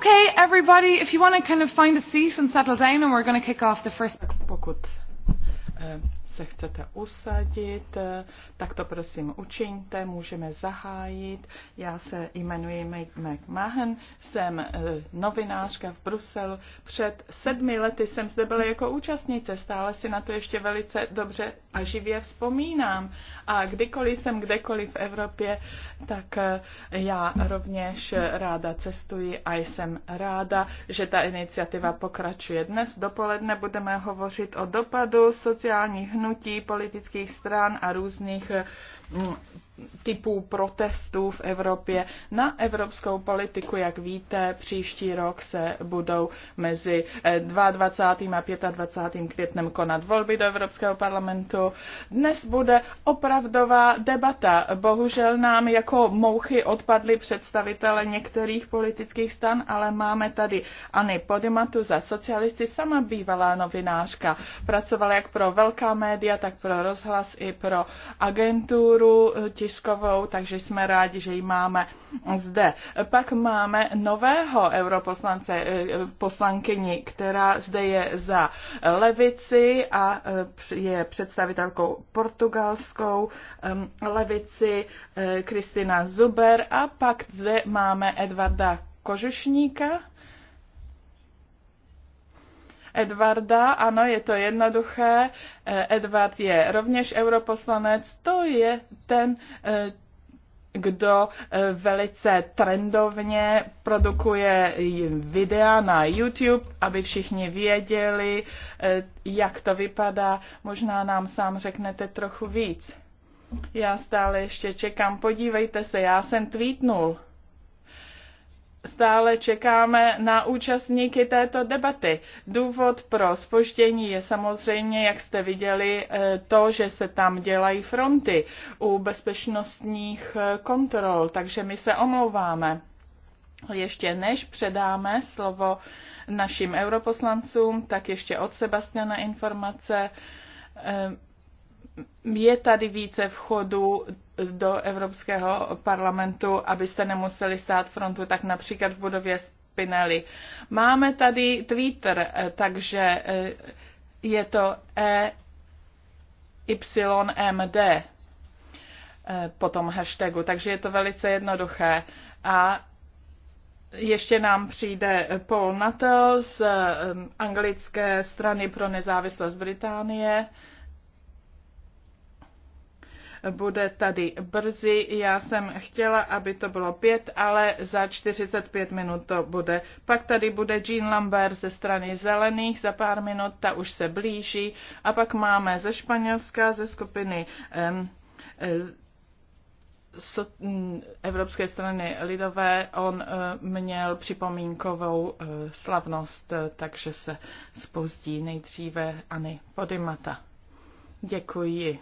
Okay, everybody, if you want to kind of find a seat and settle down and we're going to kick off the first... Pokud uh, se chcete usadit, eh, tak to prosím učiňte, můžeme zahájit. Já se jmenuji Meg McMahon, jsem eh, novinářka v Bruselu. Před sedmi lety jsem zde byla jako účastnice, stále si na to ještě velice dobře a živě vzpomínám. A kdykoliv jsem kdekoliv v Evropě, tak eh, já rovněž ráda cestuji a jsem ráda, že ta iniciativa pokračuje. Dnes dopoledne budeme hovořit o dopadu sociálních hnutí, politických stran a různých typů protestů v Evropě na evropskou politiku. Jak víte, příští rok se budou mezi 22. Eh, a 25. květnem konat volby do Evropského parlamentu. Dnes bude opravdová debata. Bohužel nám jako mouchy odpadly představitele některých politických stan, ale máme tady Anny Podimatu za socialisty, sama bývalá novinářka. Pracovala jak pro velká média, tak pro rozhlas i pro agenturu agenturu eh, tiskovou, takže jsme rádi, že ji máme zde. Pak máme nového europoslance, eh, poslankyni, která zde je za levici a eh, je představitelkou portugalskou ehm, levici Kristina Zuber a pak zde máme Edvarda Kožušníka, Edvarda. Ano, je to jednoduché. E, Edvard je rovněž europoslanec. To je ten e, kdo e, velice trendovně produkuje videa na YouTube, aby všichni věděli, jak to vypadá. Možná nám sám řeknete trochu víc. Já stále ještě čekám. Podívejte se, já jsem tweetnul stále čekáme na účastníky této debaty. Důvod pro spoždění je samozřejmě, jak jste viděli, eh, to, že se tam dělají fronty u bezpečnostních eh, kontrol, takže my se omlouváme. Ještě než předáme slovo našim europoslancům, tak ještě od Sebastiana informace eh, je tady více vchodu do Evropského parlamentu, abyste nemuseli stát frontu, tak například v budově Spinelli. Máme tady Twitter, eh, takže eh, je to EYMD eh, po tom hashtagu, takže je to velice jednoduché. A ještě nám přijde Paul Nuttall z anglické strany pro nezávislost Británie, bude tady brzy. Já jsem chtěla, aby to bylo pět, ale za 45 minut to bude. Pak tady bude Jean Lambert ze strany Zelených za pár minut, ta už se blíží. A pak máme ze Španělska, ze skupiny um, so, mm, Evropské strany lidové, on uh, měl připomínkovou uh, slavnost, uh, takže se spozdí nejdříve Ani Podimata. Děkuji.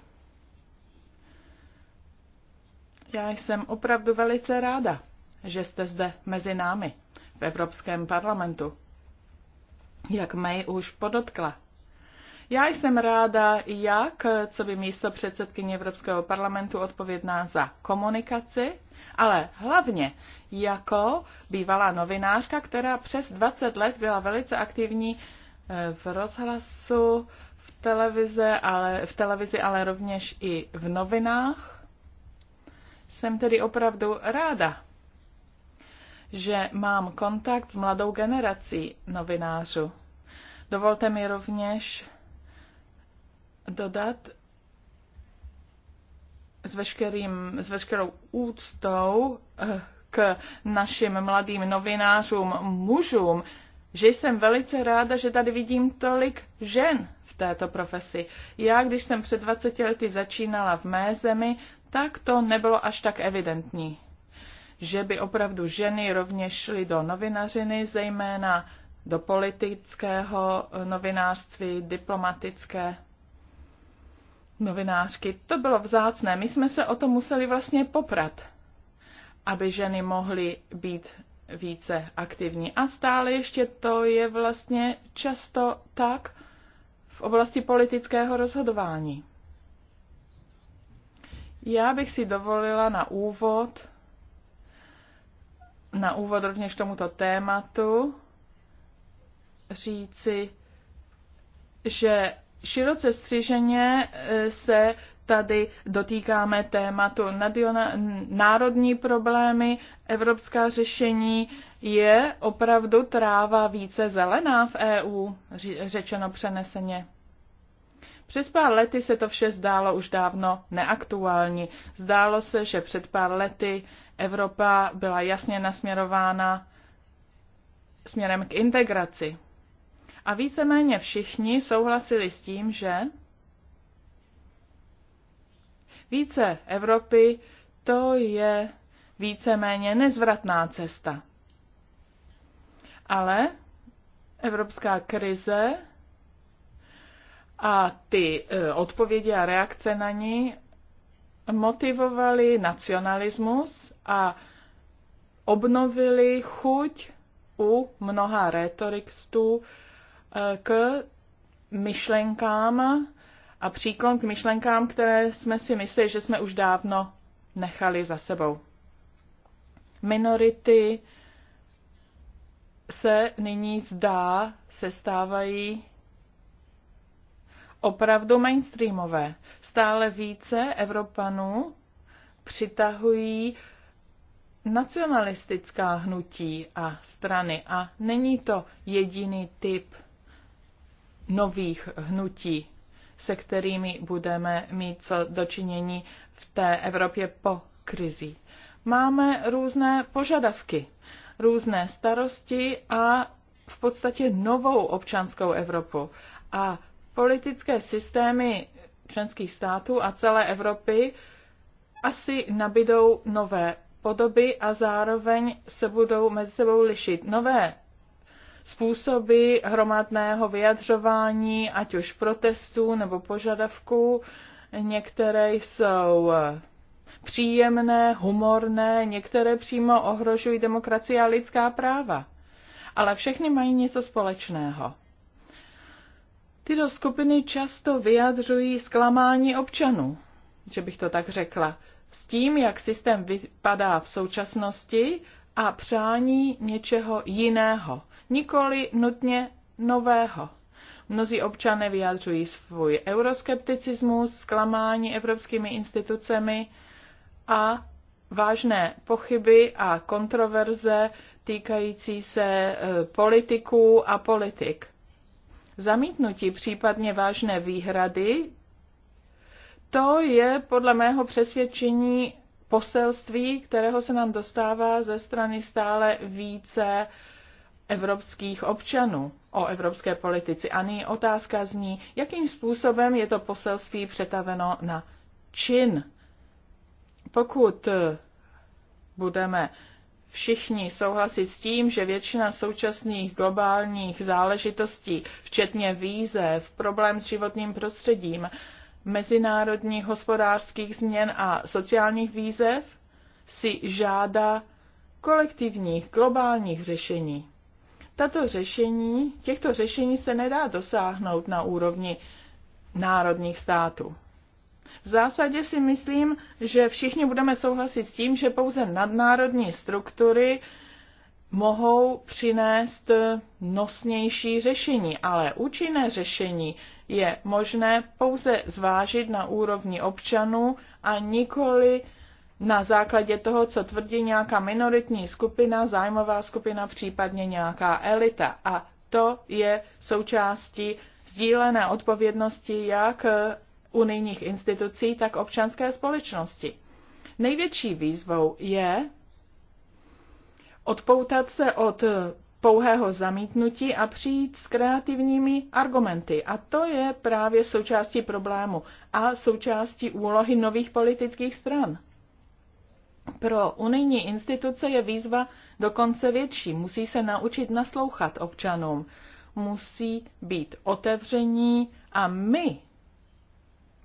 Já jsem opravdu velice ráda, že jste zde mezi námi v Evropském parlamentu. Jak May už podotkla. Já jsem ráda, jak, co by místo předsedkyně Evropského parlamentu odpovědná za komunikaci, ale hlavně jako bývalá novinářka, která přes 20 let byla velice aktivní eh, v rozhlasu, v televizi, ale, v televizi, ale rovněž i v novinách jsem tedy opravdu ráda, že mám kontakt s mladou generací novinářů. Dovolte mi rovněž dodat s, veškerým, s veškerou úctou eh, k našim mladým novinářům, mužům, že jsem velice ráda, že tady vidím tolik žen v této profesi. Já, když jsem před 20 lety začínala v mé zemi, tak to nebylo až tak evidentní, že by opravdu ženy rovněž šly do novinařiny, zejména do politického novinářství, diplomatické novinářky. To bylo vzácné. My jsme se o to museli vlastně poprat, aby ženy mohly být více aktivní. A stále ještě to je vlastně často tak v oblasti politického rozhodování. Já bych si dovolila na úvod, na úvod rovněž tomuto tématu, říci, že široce stříženě e, se tady dotýkáme tématu národní problémy, evropská řešení. Je opravdu tráva více zelená v EU, řečeno přeneseně? Přes pár lety se to vše zdálo už dávno neaktuální. Zdálo se, že před pár lety Evropa byla jasně nasměrována směrem k integraci. A víceméně všichni souhlasili s tím, že více Evropy to je víceméně nezvratná cesta. Ale evropská krize a ty e, odpovědi a reakce na ní motivovali nacionalismus a obnovili chuť u mnoha retorikstů e, k myšlenkám a příklon k myšlenkám, které jsme si mysleli, že jsme už dávno nechali za sebou. Minority se nyní zdá, se stávají opravdu mainstreamové. Stále více Evropanů přitahují nacionalistická hnutí a strany a není to jediný typ nových hnutí, se kterými budeme mít co dočinění v té Evropě po krizi. Máme různé požadavky, různé starosti a v podstatě novou občanskou Evropu. A politické systémy členských států a celé Evropy asi nabidou nové podoby a zároveň se budou mezi sebou lišit. Nové způsoby hromadného vyjadřování, ať už protestů nebo požadavků, některé jsou příjemné, humorné, některé přímo ohrožují demokracii a lidská práva. Ale všechny mají něco společného. Tyto skupiny často vyjadřují zklamání občanů, že bych to tak řekla, s tím, jak systém vypadá v současnosti a přání něčeho jiného, nikoli nutně nového. Mnozí občané vyjadřují svůj euroskepticismus, zklamání evropskými institucemi a vážné pochyby a kontroverze týkající se eh, politiků a politik zamítnutí, případně vážné výhrady, to je podle mého přesvědčení poselství, kterého se nám dostává ze strany stále více evropských občanů o evropské politici. A nyní otázka zní, jakým způsobem je to poselství přetaveno na čin. Pokud budeme všichni souhlasit s tím, že většina současných globálních záležitostí, včetně výzev, problém s životním prostředím, mezinárodních hospodářských změn a sociálních výzev, si žádá kolektivních globálních řešení. Tato řešení, těchto řešení se nedá dosáhnout na úrovni národních států. V zásadě si myslím, že všichni budeme souhlasit s tím, že pouze nadnárodní struktury mohou přinést nosnější řešení, ale účinné řešení je možné pouze zvážit na úrovni občanů a nikoli na základě toho, co tvrdí nějaká minoritní skupina, zájmová skupina, případně nějaká elita. A to je součástí sdílené odpovědnosti jak unijních institucí, tak občanské společnosti. Největší výzvou je odpoutat se od pouhého zamítnutí a přijít s kreativními argumenty. A to je právě součástí problému a součástí úlohy nových politických stran. Pro unijní instituce je výzva dokonce větší. Musí se naučit naslouchat občanům, musí být otevření a my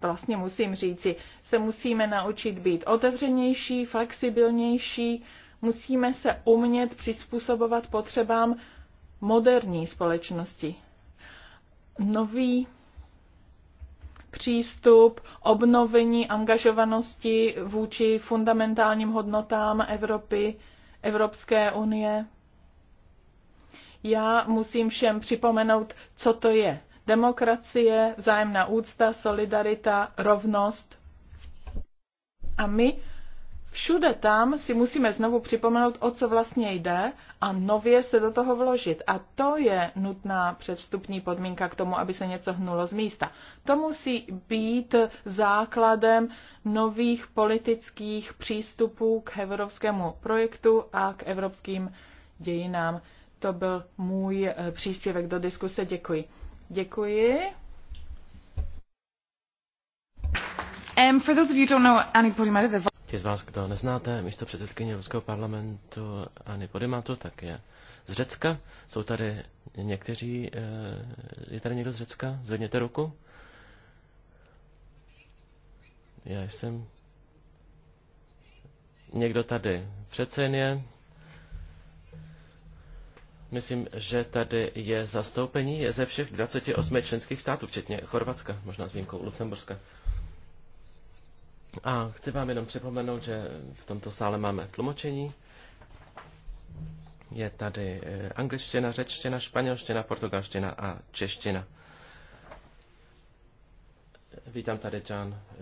vlastně musím říci, se musíme naučit být otevřenější, flexibilnější, musíme se umět přizpůsobovat potřebám moderní společnosti. Nový přístup, obnovení angažovanosti vůči fundamentálním hodnotám Evropy, Evropské unie. Já musím všem připomenout, co to je demokracie, vzájemná úcta, solidarita, rovnost. A my všude tam si musíme znovu připomenout, o co vlastně jde a nově se do toho vložit. A to je nutná předstupní podmínka k tomu, aby se něco hnulo z místa. To musí být základem nových politických přístupů k evropskému projektu a k evropským dějinám. To byl můj eh, příspěvek do diskuse. Děkuji. Děkuji. Um, for those of you don't know Annie Podimata, the... Ti z vás, kdo neznáte, místo předsedkyně Evropského parlamentu Anny Podimato, tak je z Řecka. Jsou tady někteří, eh, je tady někdo z Řecka? Zvedněte ruku. Já jsem... Někdo tady přece jen je. Myslím, že tady je zastoupení ze všech 28 členských států, včetně Chorvatska, možná s výjimkou Lucemburska. A chci vám jenom připomenout, že v tomto sále máme tlumočení. Je tady eh, angličtina, řečtina, španělština, portugalština a čeština. Vítám tady John eh,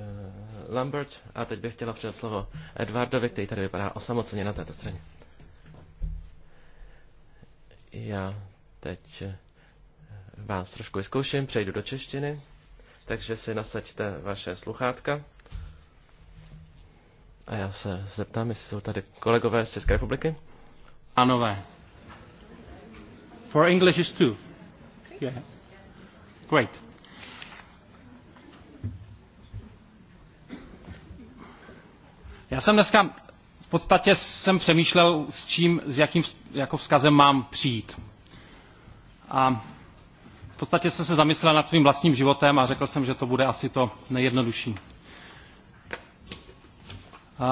Lambert a teď bych chtěla předat slovo Edwardovi, který tady vypadá osamoceně na této straně. Já teď eh, vás trošku vyzkouším, přejdu do češtiny, takže si nasaďte vaše sluchátka. A já se zeptám, jestli jsou tady kolegové z České republiky. Ano, ve. For English is two. Yeah. Great. Já jsem dneska podstatě jsem přemýšlel, s čím, s jakým jako vzkazem mám přijít. A v podstatě jsem se zamyslel nad svým vlastním životem a řekl jsem, že to bude asi to nejjednodušší. A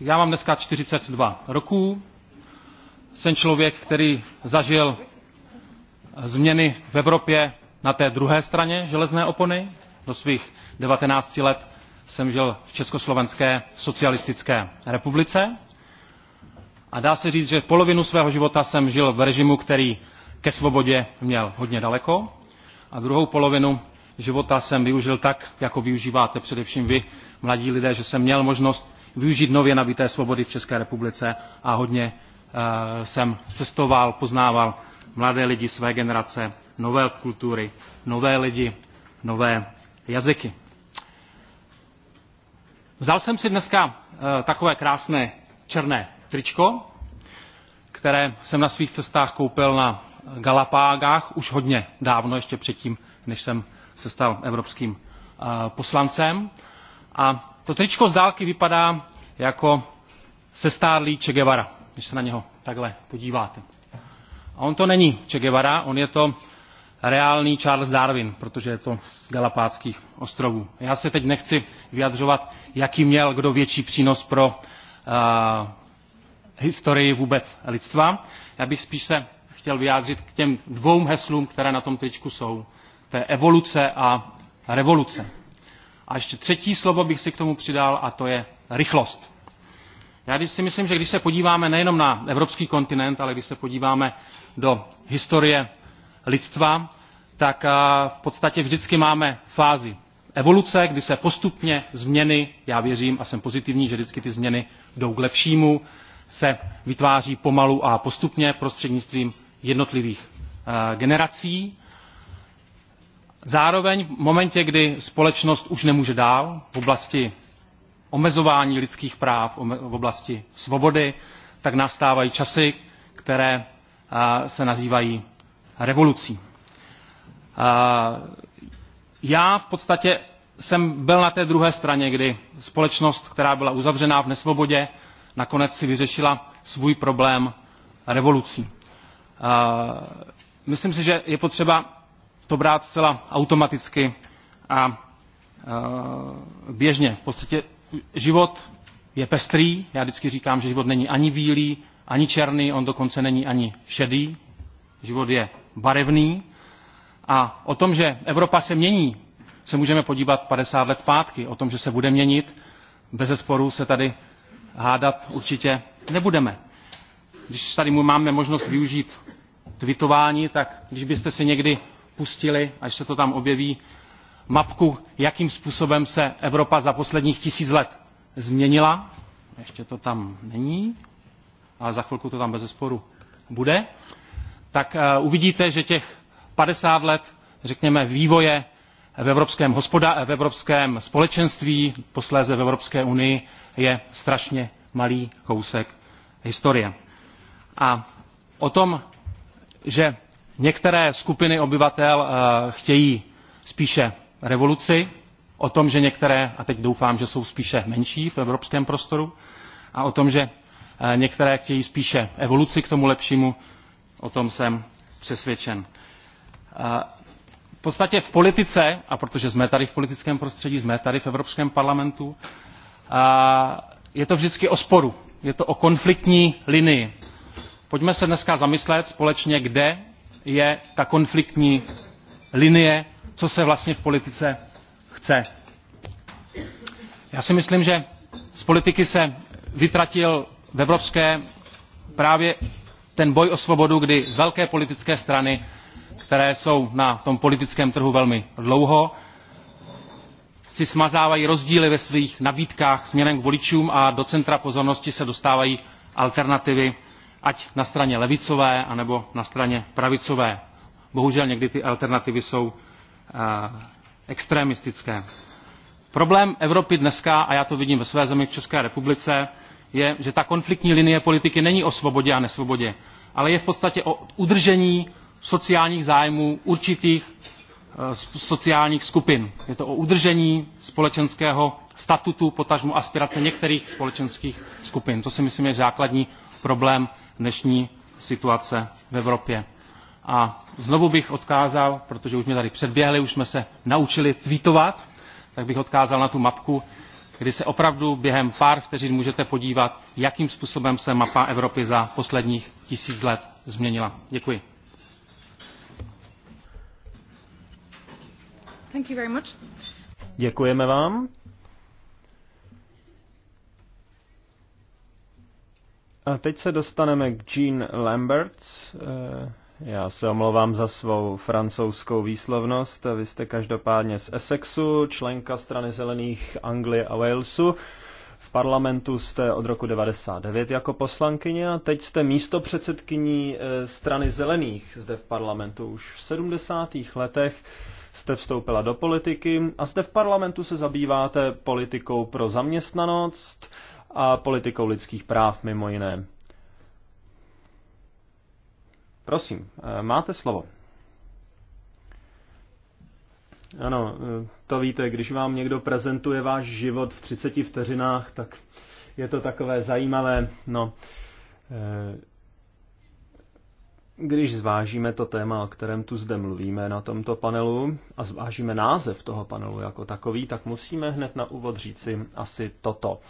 já mám dneska 42 roků, jsem člověk, který zažil změny v Evropě na té druhé straně železné opony. Do svých 19 let jsem žil v Československé socialistické republice a dá se říct, že polovinu svého života jsem žil v režimu, který ke svobodě měl hodně daleko a druhou polovinu života jsem využil tak, jako využíváte především vy, mladí lidé, že jsem měl možnost využít nově nabité svobody v České republice a hodně e, jsem cestoval, poznával mladé lidi své generace, nové kultury, nové lidi, nové jazyky. Vzal jsem si dneska eh, takové krásné černé tričko, které jsem na svých cestách koupil na Galapágách už hodně dávno, ještě předtím, než jsem se stal evropským eh, poslancem. A to tričko z dálky vypadá jako sestárlý Che Guevara, když se na něho takhle podíváte. A on to není Che Guevara, on je to reálný Charles Darwin, protože je to z Galapátských ostrovů. Já se teď nechci vyjadřovat, jaký měl kdo větší přínos pro uh, historii vůbec lidstva. Já bych spíš se chtěl vyjádřit k těm dvou heslům, které na tom tričku jsou. To je evoluce a revoluce. A ještě třetí slovo bych si k tomu přidal a to je rychlost. Já si myslím, že když se podíváme nejenom na evropský kontinent, ale když se podíváme do historie lidstva, tak v podstatě vždycky máme fázi evoluce, kdy se postupně změny, já věřím a jsem pozitivní, že vždycky ty změny jdou k lepšímu, se vytváří pomalu a postupně prostřednictvím jednotlivých generací. Zároveň v momentě, kdy společnost už nemůže dál v oblasti omezování lidských práv, v oblasti svobody, tak nastávají časy, které se nazývají revolucí. Já v podstatě jsem byl na té druhé straně, kdy společnost, která byla uzavřená v nesvobodě, nakonec si vyřešila svůj problém revolucí. Myslím si, že je potřeba to brát zcela automaticky a běžně. V podstatě život je pestrý, já vždycky říkám, že život není ani bílý, ani černý, on dokonce není ani šedý, Život je barevný a o tom, že Evropa se mění, se můžeme podívat 50 let zpátky. O tom, že se bude měnit, bez zesporu se tady hádat určitě nebudeme. Když tady máme možnost využít tweetování, tak když byste si někdy pustili, až se to tam objeví, mapku, jakým způsobem se Evropa za posledních tisíc let změnila. Ještě to tam není, ale za chvilku to tam bez sporu bude tak eh, uvidíte že těch padesát let řekněme vývoje v evropském, společenství posléze v evropské unii je strašně malý kousek historie. a o tom že některé skupiny obyvatel eh, chtějí spíše revoluci o tom že některé a teď doufám že jsou spíše menší v evropském prostoru a o tom že eh, některé chtějí spíše evoluci k tomu lepšímu o tom jsem přesvědčen. V podstatě v politice, a protože jsme tady v politickém prostředí, jsme tady v Evropském parlamentu, je to vždycky o sporu, je to o konfliktní linii. Pojďme se dneska zamyslet společně, kde je ta konfliktní linie, co se vlastně v politice chce. Já si myslím, že z politiky se vytratil v evropské právě ten boj o svobodu kdy velké politické strany které jsou na tom politickém trhu velmi dlouho si smazávají rozdíly ve svých nabídkách směrem k voličům a do centra pozornosti se dostávají alternativy ať na straně levicové anebo na straně pravicové. bohužel někdy ty alternativy jsou eh, extremistické. problém evropy dneska a já to vidím ve své zemi v české republice je že ta konfliktní linie politiky není o svobodě a nesvobodě ale je v podstatě o udržení sociálních zájmů určitých eh, sociálních skupin. je to o udržení společenského statutu potažmu aspirace některých společenských skupin. to si myslím je základní problém dnešní situace v evropě. a znovu bych odkázal protože už mě tady předběhli už jsme se naučili tweetovat tak bych odkázal na tu mapku kdy se opravdu během pár vteřin můžete podívat jakým způsobem se mapa evropy za posledních tisíc let změnila. děkuji. Thank you very much. Děkujeme vám. A teď se dostaneme k Jean Lamberts, eh, já se omlouvám za svou francouzskou výslovnost. Vy jste každopádně z Essexu, členka strany zelených Anglie a Walesu. V parlamentu jste od roku 99 jako poslankyně a teď jste místo předsedkyní eh, strany zelených zde v parlamentu. Už v 70. letech jste vstoupila do politiky a zde v parlamentu se zabýváte politikou pro zaměstnanost a politikou lidských práv mimo jiné. Prosím, eh, máte slovo. Ano, eh, to víte, když vám někdo prezentuje váš život v 30 vteřinách, tak je to takové zajímavé. No, eh, když zvážíme to téma, o kterém tu zde mluvíme na tomto panelu a zvážíme název toho panelu jako takový, tak musíme hned na úvod říci asi toto.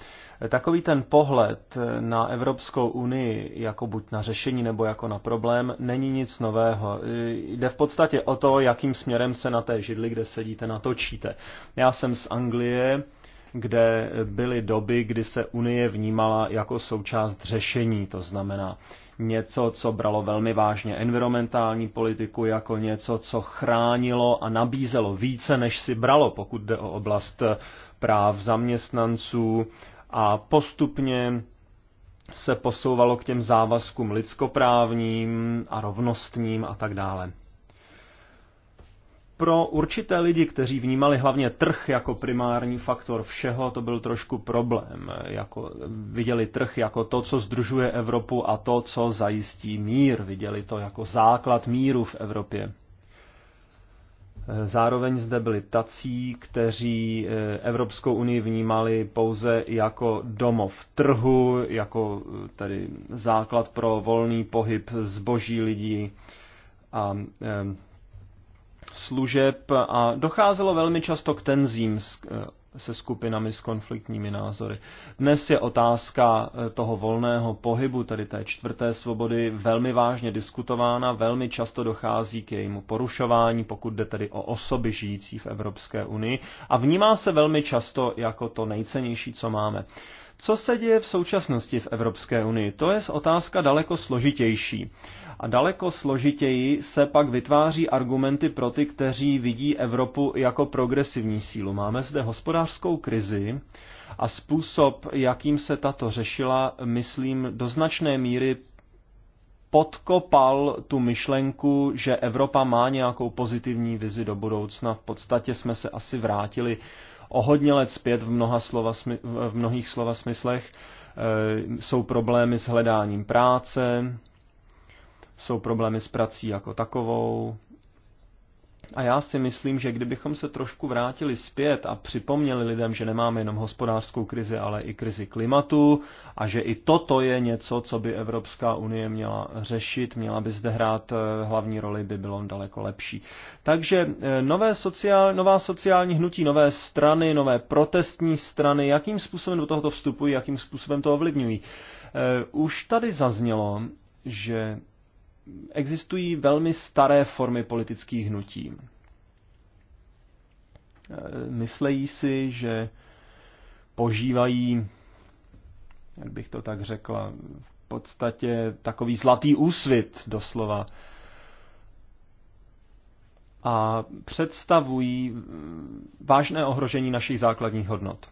Takový ten pohled na Evropskou unii jako buď na řešení nebo jako na problém není nic nového. Jde v podstatě o to, jakým směrem se na té židli, kde sedíte, natočíte. Já jsem z Anglie, kde byly doby, kdy se Unie vnímala jako součást řešení, to znamená něco, co bralo velmi vážně environmentální politiku, jako něco, co chránilo a nabízelo více, než si bralo, pokud jde o oblast eh, práv zaměstnanců a postupně se posouvalo k těm závazkům lidskoprávním a rovnostním a tak dále pro určité lidi, kteří vnímali hlavně trh jako primární faktor všeho, to byl trošku problém. Jako, viděli trh jako to, co združuje Evropu a to, co zajistí mír. Viděli to jako základ míru v Evropě. Zároveň zde byli tací, kteří eh, Evropskou unii vnímali pouze jako domov trhu, jako eh, tedy základ pro volný pohyb zboží lidí a eh, služeb a docházelo velmi často k tenzím eh, se skupinami s konfliktními názory. Dnes je otázka eh, toho volného pohybu, tedy té čtvrté svobody, velmi vážně diskutována, velmi často dochází k jejímu porušování, pokud jde tedy o osoby žijící v Evropské unii a vnímá se velmi často jako to nejcennější, co máme. Co se děje v současnosti v Evropské unii? To je otázka daleko složitější. A daleko složitěji se pak vytváří argumenty pro ty, kteří vidí Evropu jako progresivní sílu. Máme zde hospodářskou krizi a způsob, jakým se tato řešila, myslím, do značné míry podkopal tu myšlenku, že Evropa má nějakou pozitivní vizi do budoucna. V podstatě jsme se asi vrátili o hodně let zpět v, mnoha slova, v mnohých slova smyslech. E, jsou problémy s hledáním práce, jsou problémy s prací jako takovou. A já si myslím, že kdybychom se trošku vrátili zpět a připomněli lidem, že nemáme jenom hospodářskou krizi, ale i krizi klimatu a že i toto je něco, co by Evropská unie měla řešit, měla by zde hrát eh, hlavní roli, by bylo daleko lepší. Takže eh, nové sociál, nová sociální hnutí, nové strany, nové protestní strany, jakým způsobem do tohoto vstupují, jakým způsobem to ovlivňují. Eh, už tady zaznělo, že existují velmi staré formy politických hnutí. E, myslejí si, že požívají, jak bych to tak řekla, v podstatě takový zlatý úsvit doslova. A představují vážné ohrožení našich základních hodnot.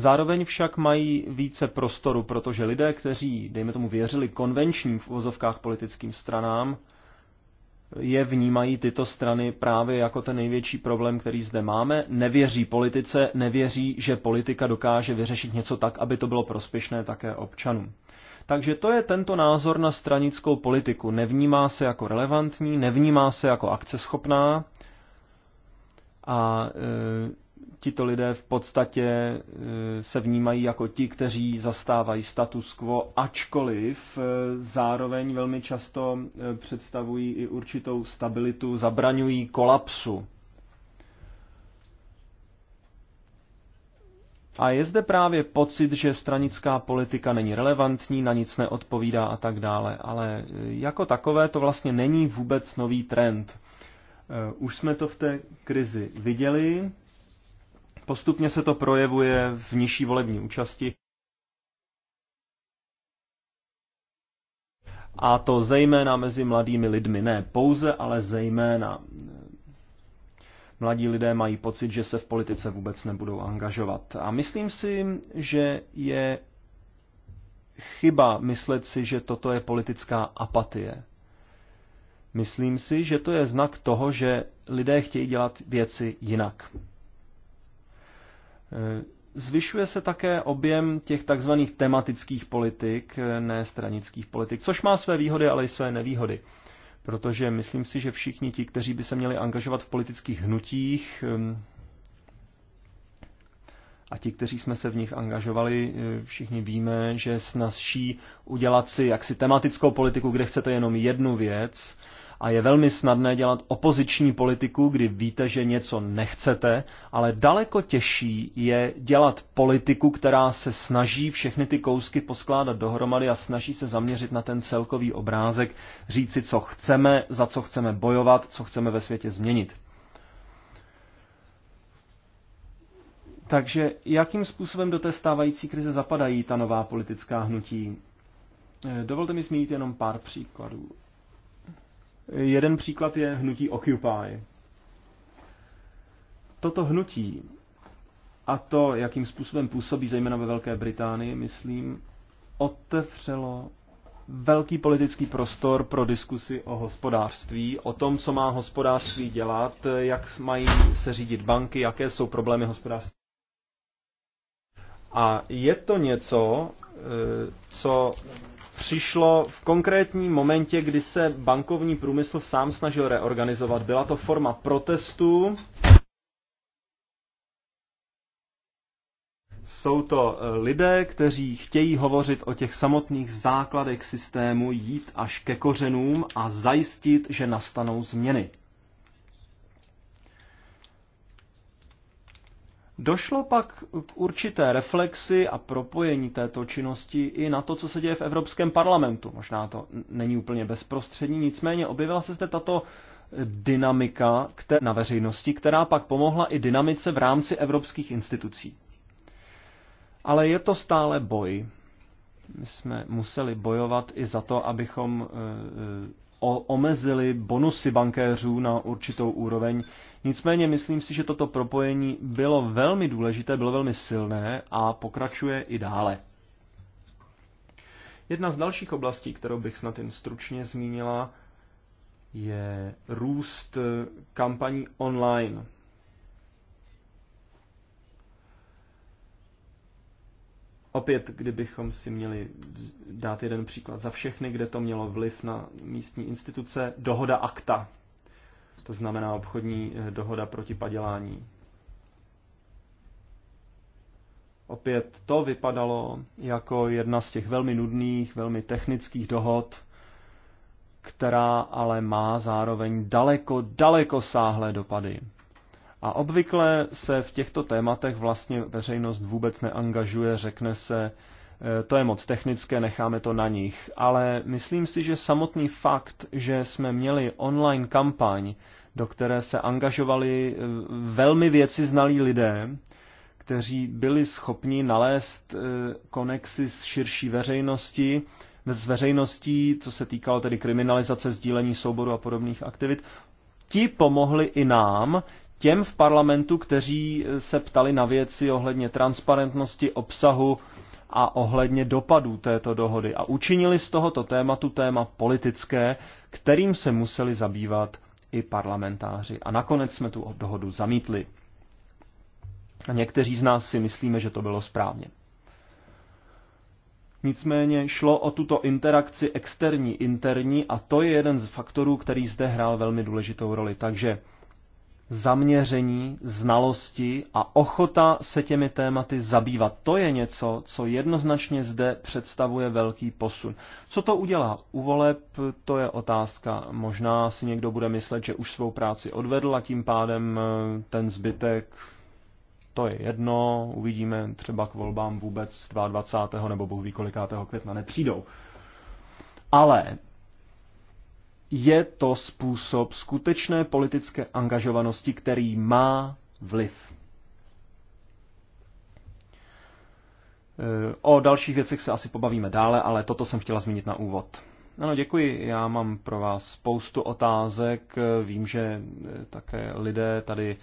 Zároveň však mají více prostoru, protože lidé, kteří, dejme tomu, věřili konvenčním v uvozovkách politickým stranám, je vnímají tyto strany právě jako ten největší problém, který zde máme. Nevěří politice, nevěří, že politika dokáže vyřešit něco tak, aby to bylo prospěšné také občanům. Takže to je tento názor na stranickou politiku. Nevnímá se jako relevantní, nevnímá se jako akceschopná a e, tito lidé v podstatě e, se vnímají jako ti, kteří zastávají status quo, ačkoliv e, zároveň velmi často e, představují i určitou stabilitu, zabraňují kolapsu. A je zde právě pocit, že stranická politika není relevantní, na nic neodpovídá a tak dále. Ale jako takové to vlastně není vůbec nový trend. Už jsme to v té krizi viděli, Postupně se to projevuje v nižší volební účasti. A to zejména mezi mladými lidmi. Ne pouze, ale zejména. Mladí lidé mají pocit, že se v politice vůbec nebudou angažovat. A myslím si, že je chyba myslet si, že toto je politická apatie. Myslím si, že to je znak toho, že lidé chtějí dělat věci jinak. Eh, zvyšuje se také objem těch takzvaných tematických politik, eh, ne stranických politik, což má své výhody, ale i své nevýhody. Protože myslím si, že všichni ti, kteří by se měli angažovat v politických hnutích, ehm, a ti, kteří jsme se v nich angažovali, eh, všichni víme, že je snazší udělat si jaksi tematickou politiku, kde chcete jenom jednu věc, a je velmi snadné dělat opoziční politiku, kdy víte, že něco nechcete, ale daleko těžší je dělat politiku, která se snaží všechny ty kousky poskládat dohromady a snaží se zaměřit na ten celkový obrázek, říci, co chceme, za co chceme bojovat, co chceme ve světě změnit. Takže jakým způsobem do té stávající krize zapadají ta nová politická hnutí? Eh, dovolte mi zmínit jenom pár příkladů. Jeden příklad je hnutí Occupy. Toto hnutí a to, jakým způsobem působí, zejména ve Velké Británii, myslím, otevřelo velký politický prostor pro diskusy o hospodářství, o tom, co má hospodářství dělat, jak mají se řídit banky, jaké jsou problémy hospodářství. A je to něco, eh, co přišlo v konkrétním momentě, kdy se bankovní průmysl sám snažil reorganizovat. Byla to forma protestu. Jsou to eh, lidé, kteří chtějí hovořit o těch samotných základech systému, jít až ke kořenům a zajistit, že nastanou změny. Došlo pak k určité reflexi a propojení této činnosti i na to, co se děje v Evropském parlamentu. Možná to není úplně bezprostřední, nicméně objevila se zde tato dynamika na veřejnosti, která pak pomohla i dynamice v rámci evropských institucí. Ale je to stále boj. My jsme museli bojovat i za to, abychom e, e, omezili bonusy bankéřů na určitou úroveň. Nicméně myslím si, že toto propojení bylo velmi důležité, bylo velmi silné a pokračuje i dále. Jedna z dalších oblastí, kterou bych snad jen stručně zmínila, je růst kampaní online. Opět, kdybychom si měli dát jeden příklad za všechny, kde to mělo vliv na místní instituce, dohoda akta, to znamená obchodní eh, dohoda proti padělání. Opět to vypadalo jako jedna z těch velmi nudných, velmi technických dohod, která ale má zároveň daleko, daleko sáhlé dopady a obvykle se v těchto tématech vlastně veřejnost vůbec neangažuje, řekne se, e, to je moc technické, necháme to na nich. Ale myslím si, že samotný fakt, že jsme měli online kampaň, do které se angažovali e, velmi věci znalí lidé, kteří byli schopni nalézt e, konexy s širší veřejnosti, s veřejností, co se týkalo tedy kriminalizace, sdílení souboru a podobných aktivit, ti pomohli i nám těm v parlamentu, kteří se ptali na věci ohledně transparentnosti, obsahu a ohledně dopadů této dohody a učinili z tohoto tématu téma politické, kterým se museli zabývat i parlamentáři. A nakonec jsme tu dohodu zamítli. A někteří z nás si myslíme, že to bylo správně. Nicméně šlo o tuto interakci externí-interní a to je jeden z faktorů, který zde hrál velmi důležitou roli. Takže zaměření, znalosti a ochota se těmi tématy zabývat. To je něco, co jednoznačně zde představuje velký posun. Co to udělá u voleb, to je otázka. Možná si někdo bude myslet, že už svou práci odvedl a tím pádem eh, ten zbytek, to je jedno, uvidíme třeba k volbám vůbec 22. nebo bohu ví kolikátého května nepřijdou. Ale je to způsob skutečné politické angažovanosti, který má vliv. E, o dalších věcech se asi pobavíme dále, ale toto jsem chtěla zmínit na úvod. Ano, děkuji. Já mám pro vás spoustu otázek. E, vím, že e, také lidé tady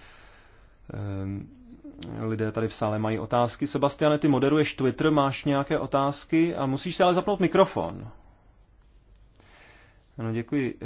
lidé tady v sále mají otázky. Sebastiane, ty moderuješ Twitter, máš nějaké otázky a musíš se ale zapnout mikrofon. Ano, děkuji. Eh,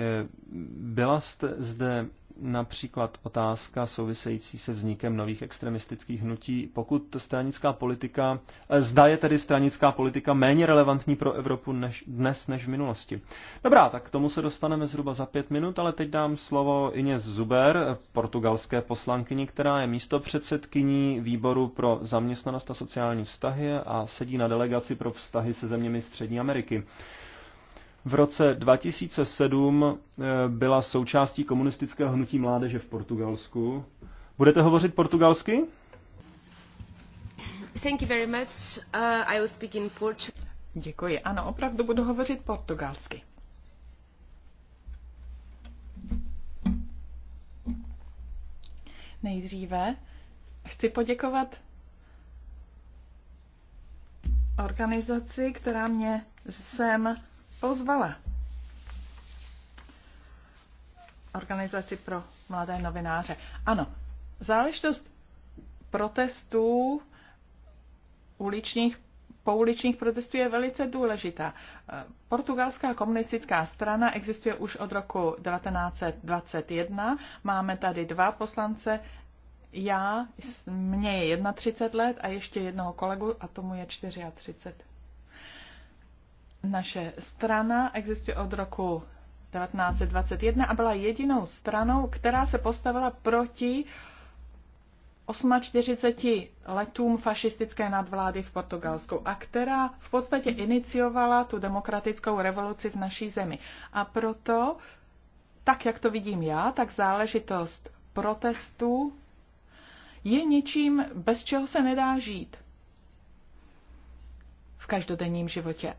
byla jste zde například otázka související se vznikem nových extremistických hnutí, pokud stranická politika, eh, zda je tedy stranická politika méně relevantní pro Evropu než, dnes než v minulosti. Dobrá, tak k tomu se dostaneme zhruba za pět minut, ale teď dám slovo Ines Zuber, portugalské poslankyni, která je místo předsedkyní výboru pro zaměstnanost a sociální vztahy a sedí na delegaci pro vztahy se zeměmi Střední Ameriky. V roce 2007 eh, byla součástí komunistického hnutí mládeže v Portugalsku. Budete hovořit portugalsky? Thank you very much. Uh, I will speak in Děkuji. Ano, opravdu budu hovořit portugalsky. Nejdříve chci poděkovat organizaci, která mě sem pozvala organizaci pro mladé novináře. Ano, záležitost protestů uličních pouličních protestů je velice důležitá. Portugalská komunistická strana existuje už od roku 1921. Máme tady dva poslance, já, mě je 31 let a ještě jednoho kolegu a tomu je 34. Naše strana existuje od roku 1921 a byla jedinou stranou, která se postavila proti 48 letům fašistické nadvlády v Portugalsku a která v podstatě iniciovala tu demokratickou revoluci v naší zemi. A proto, tak jak to vidím já, tak záležitost protestů je něčím, bez čeho se nedá žít v každodenním životě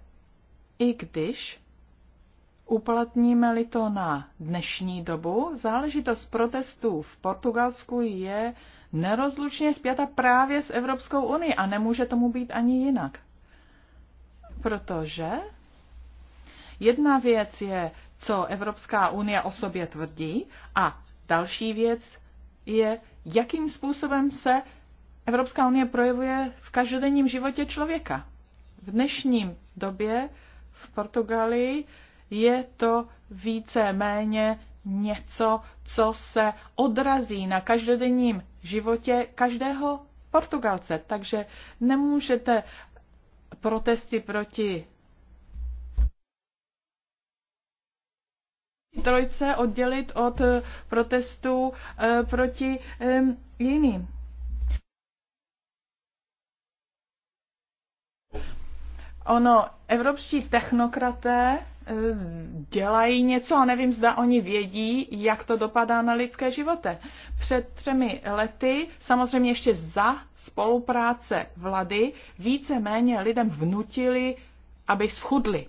i když uplatníme-li to na dnešní dobu, záležitost protestů v Portugalsku je nerozlučně zpěta právě s Evropskou unii a nemůže tomu být ani jinak. Protože jedna věc je, co Evropská unie o sobě tvrdí a další věc je, jakým způsobem se Evropská unie projevuje v každodenním životě člověka. V dnešním době v Portugalii je to více méně něco, co se odrazí na každodenním životě každého Portugalce. Takže nemůžete protesty proti trojce oddělit od protestů eh, proti eh, jiným. Ono, evropští technokraté eh, dělají něco a nevím, zda oni vědí, jak to dopadá na lidské životy. Před třemi lety, samozřejmě ještě za spolupráce vlady, více-méně lidem vnutili, aby schudli.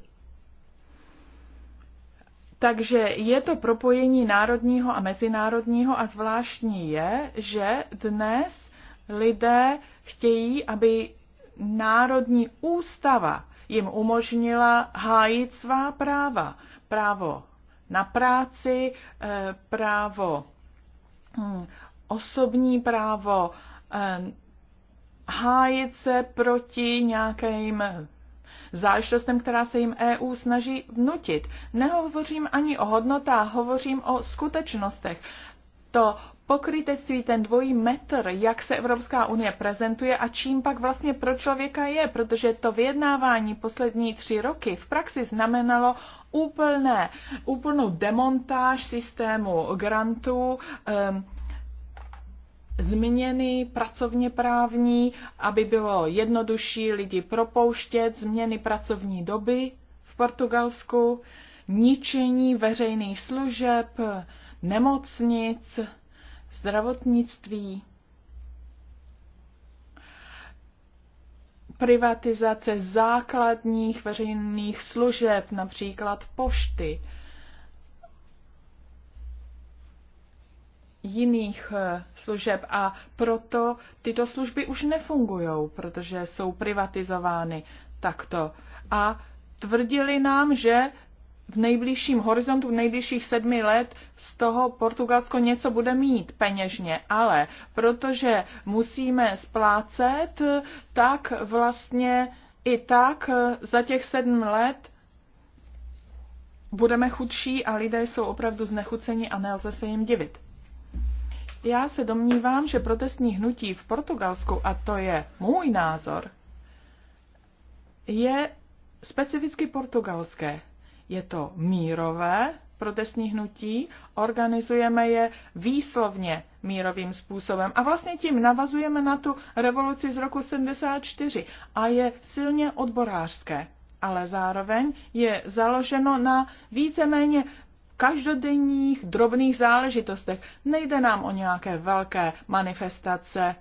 Takže je to propojení národního a mezinárodního a zvláštní je, že dnes lidé chtějí, aby národní ústava jim umožnila hájit svá práva. Právo na práci, eh, právo hm, osobní právo eh, hájit se proti nějakým záležitostem, která se jim EU snaží vnutit. Nehovořím ani o hodnotách, hovořím o skutečnostech. To pokrytectví, ten dvojí metr, jak se Evropská unie prezentuje a čím pak vlastně pro člověka je, protože to vyjednávání poslední tři roky v praxi znamenalo úplné, úplnou demontáž systému grantů, um, změny pracovně právní, aby bylo jednodušší lidi propouštět, změny pracovní doby v Portugalsku, ničení veřejných služeb, nemocnic, zdravotnictví, privatizace základních veřejných služeb, například pošty, jiných eh, služeb a proto tyto služby už nefungují, protože jsou privatizovány takto. A tvrdili nám, že v nejbližším horizontu, v nejbližších sedmi let z toho Portugalsko něco bude mít peněžně, ale protože musíme splácet, tak vlastně i tak za těch sedm let budeme chudší a lidé jsou opravdu znechuceni a nelze se jim divit. Já se domnívám, že protestní hnutí v Portugalsku, a to je můj názor, je specificky portugalské je to mírové protestní hnutí, organizujeme je výslovně mírovým způsobem a vlastně tím navazujeme na tu revoluci z roku 74 a je silně odborářské, ale zároveň je založeno na víceméně každodenních drobných záležitostech. Nejde nám o nějaké velké manifestace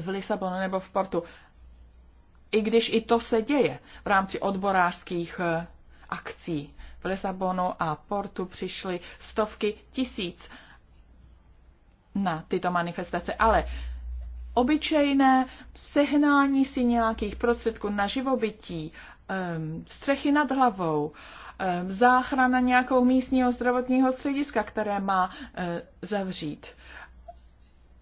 v Lisabonu nebo v Portu i když i to se děje v rámci odborářských eh, akcí. V Lisabonu a Portu přišly stovky tisíc na tyto manifestace, ale obyčejné sehnání si nějakých prostředků na živobytí, ehm, střechy nad hlavou, ehm, záchrana nějakou místního zdravotního střediska, které má eh, zavřít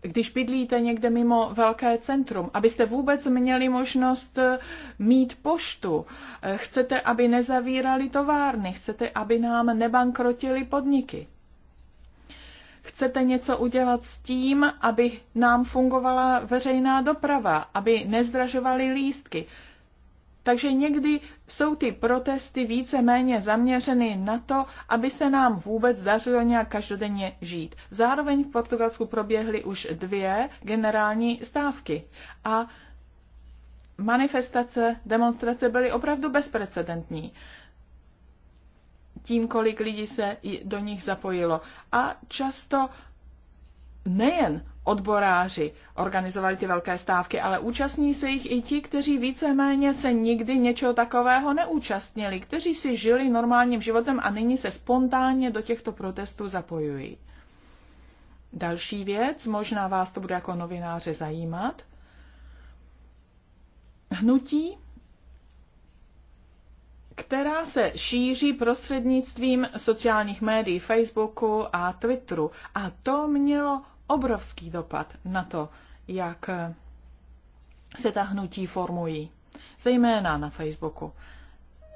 když bydlíte někde mimo velké centrum, abyste vůbec měli možnost eh, mít poštu. Eh, chcete, aby nezavírali továrny, chcete, aby nám nebankrotili podniky. Chcete něco udělat s tím, aby nám fungovala veřejná doprava, aby nezdražovali lístky. Takže někdy jsou ty protesty více-méně zaměřeny na to, aby se nám vůbec dařilo nějak každodenně žít. Zároveň v Portugalsku proběhly už dvě generální stávky a manifestace, demonstrace byly opravdu bezprecedentní tím, kolik lidí se do nich zapojilo. A často nejen odboráři organizovali ty velké stávky, ale účastní se jich i ti, kteří víceméně se nikdy něčeho takového neúčastnili, kteří si žili normálním životem a nyní se spontánně do těchto protestů zapojují. Další věc, možná vás to bude jako novináře zajímat. Hnutí, která se šíří prostřednictvím sociálních médií, Facebooku a Twitteru. A to mělo obrovský dopad na to, jak se ta hnutí formují, zejména na Facebooku.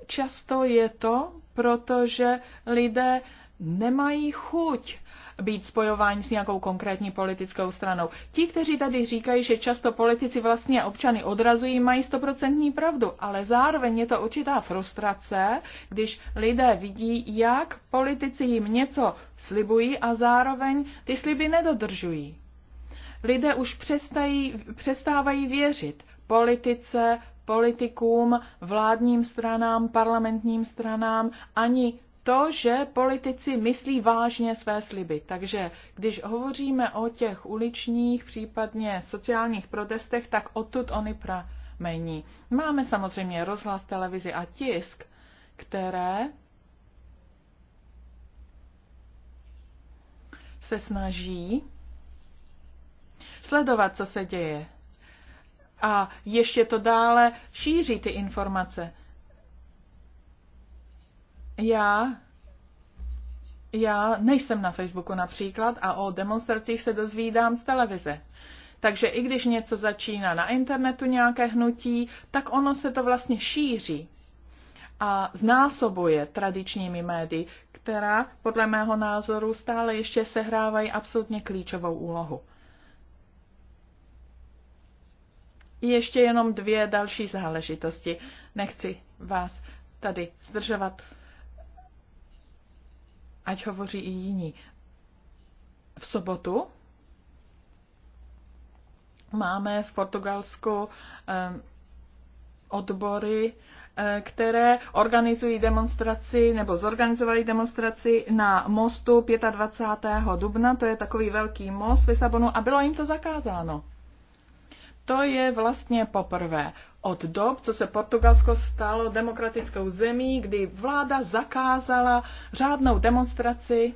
Často je to, protože lidé nemají chuť být spojováni s nějakou konkrétní politickou stranou. Ti, kteří tady říkají, že často politici vlastně občany odrazují, mají stoprocentní pravdu, ale zároveň je to určitá frustrace, když lidé vidí, jak politici jim něco slibují a zároveň ty sliby nedodržují. Lidé už přestají, přestávají věřit politice, politikům, vládním stranám, parlamentním stranám, ani to, že politici myslí vážně své sliby. Takže když hovoříme o těch uličních, případně sociálních protestech, tak odtud oni pramení. Máme samozřejmě rozhlas, televizi a tisk, které se snaží sledovat, co se děje. A ještě to dále šíří ty informace. Já já nejsem na Facebooku například a o demonstracích se dozvídám z televize. Takže i když něco začíná na internetu nějaké hnutí, tak ono se to vlastně šíří a znásobuje tradičními médii, která podle mého názoru stále ještě sehrávají absolutně klíčovou úlohu. Ještě jenom dvě další záležitosti. Nechci vás tady zdržovat ať hovoří i jiní. V sobotu máme v Portugalsku odbory, které organizují demonstraci nebo zorganizovali demonstraci na mostu 25. dubna, to je takový velký most v Lisabonu a bylo jim to zakázáno. To je vlastně poprvé od dob, co se Portugalsko stalo demokratickou zemí, kdy vláda zakázala řádnou demonstraci.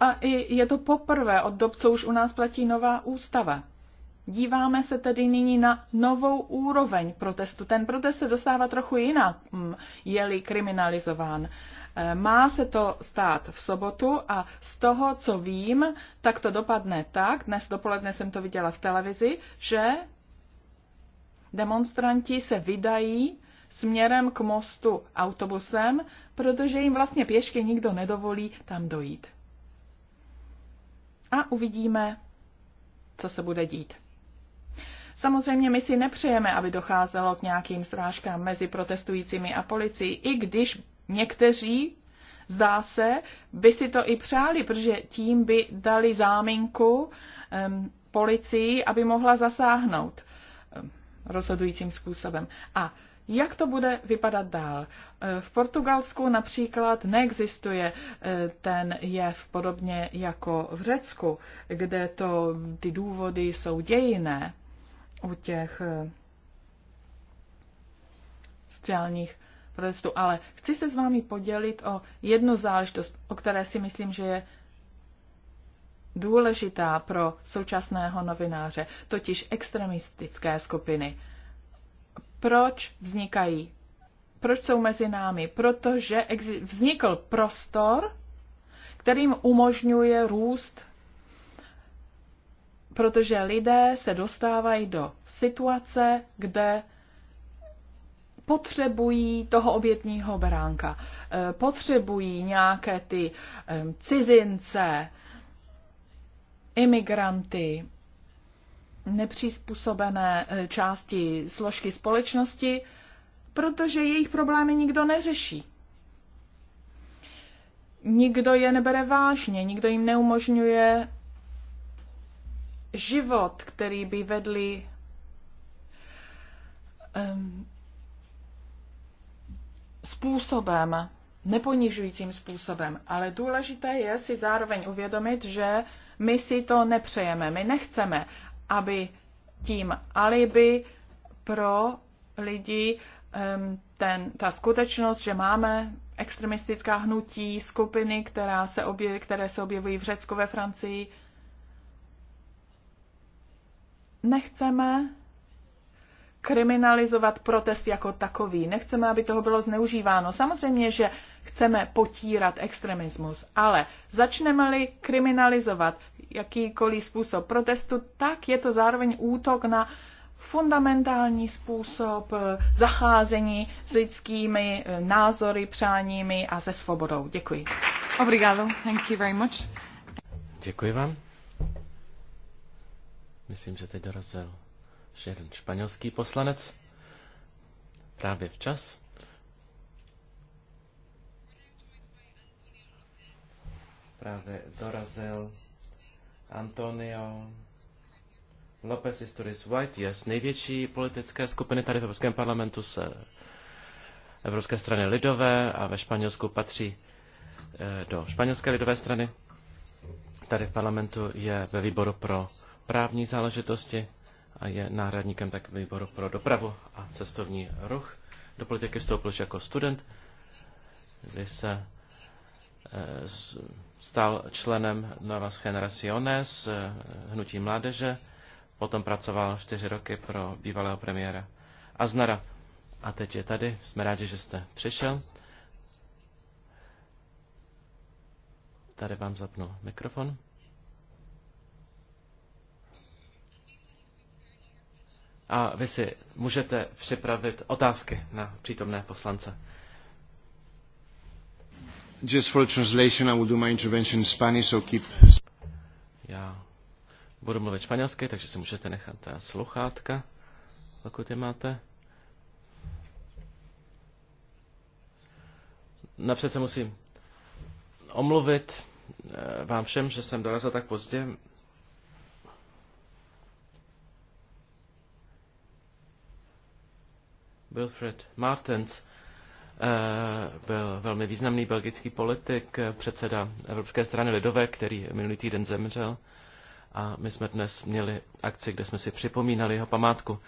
A i je to poprvé od dob, co už u nás platí nová ústava. Díváme se tedy nyní na novou úroveň protestu. Ten protest se dostává trochu jinak, mm, je-li kriminalizován. E, má se to stát v sobotu a z toho, co vím, tak to dopadne tak, dnes dopoledne jsem to viděla v televizi, že Demonstranti se vydají směrem k mostu autobusem, protože jim vlastně pěšky nikdo nedovolí tam dojít. A uvidíme, co se bude dít. Samozřejmě my si nepřejeme, aby docházelo k nějakým srážkám mezi protestujícími a policií, i když někteří, zdá se, by si to i přáli, protože tím by dali záminku um, policii, aby mohla zasáhnout rozhodujícím způsobem. A jak to bude vypadat dál? Eh, v Portugalsku například neexistuje eh, ten jev podobně jako v Řecku, kde to, ty důvody jsou dějiné u těch eh, sociálních protestů. Ale chci se s vámi podělit o jednu záležitost, o které si myslím, že je důležitá pro současného novináře, totiž extremistické skupiny. Proč vznikají? Proč jsou mezi námi? Protože vznikl prostor, kterým umožňuje růst, protože lidé se dostávají do situace, kde potřebují toho obětního beránka, eh, potřebují nějaké ty cizince, imigranty, nepřizpůsobené eh, části složky společnosti, protože jejich problémy nikdo neřeší. Nikdo je nebere vážně, nikdo jim neumožňuje život, který by vedli um, způsobem, neponižujícím způsobem. Ale důležité je si zároveň uvědomit, že my si to nepřejeme, my nechceme, aby tím alibi pro lidi ten, ta skutečnost, že máme extremistická hnutí, skupiny, která se objeví, které se objevují v Řecku, ve Francii. Nechceme, kriminalizovat protest jako takový. Nechceme, aby toho bylo zneužíváno. Samozřejmě, že chceme potírat extremismus, ale začneme-li kriminalizovat jakýkoliv způsob protestu, tak je to zároveň útok na fundamentální způsob eh, zacházení s lidskými eh, názory, přáními a se svobodou. Děkuji. Obrigado. Thank you very much. Děkuji vám. Myslím, že teď dorazil že jeden španělský poslanec právě včas. Právě dorazil Antonio López Isturis White je z největší politické skupiny tady v Evropském parlamentu se Evropské strany lidové a ve Španělsku patří eh, do Španělské lidové strany. Tady v parlamentu je ve výboru pro právní záležitosti a je náhradníkem tak výboru pro dopravu a cestovní ruch. Do politiky vstoupil jako student, kdy se eh, stal členem Novas Generaciones, eh, hnutí mládeže, potom pracoval čtyři roky pro bývalého premiéra Aznara. A teď je tady, jsme rádi, že jste přišel. Tady vám zapnu mikrofon. a vy si můžete připravit otázky na přítomné poslance. Just for translation, I will do my intervention in Spanish, so keep... Já budu mluvit španělsky, takže si můžete nechat eh, sluchátka, pokud je máte. Napřed se musím omluvit eh, vám všem, že jsem dorazil tak pozdě. Wilfred Martens eh, byl velmi významný belgický politik, předseda Evropské strany Lidové, který minulý týden zemřel. A my jsme dnes měli akci, kde jsme si připomínali jeho památku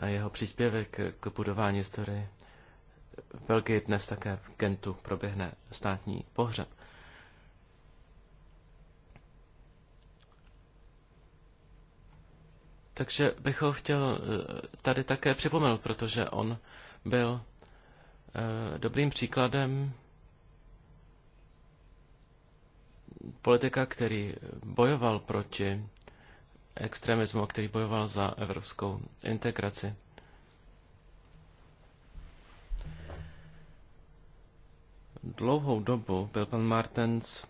a jeho příspěvek k budování historie. V Belgii dnes také v Gentu proběhne státní pohřeb. Takže bych ho chtěl eh, tady také připomenout, protože on byl eh, dobrým příkladem politika, který bojoval proti extremismu a který bojoval za evropskou integraci. Dlouhou dobu byl pan Martens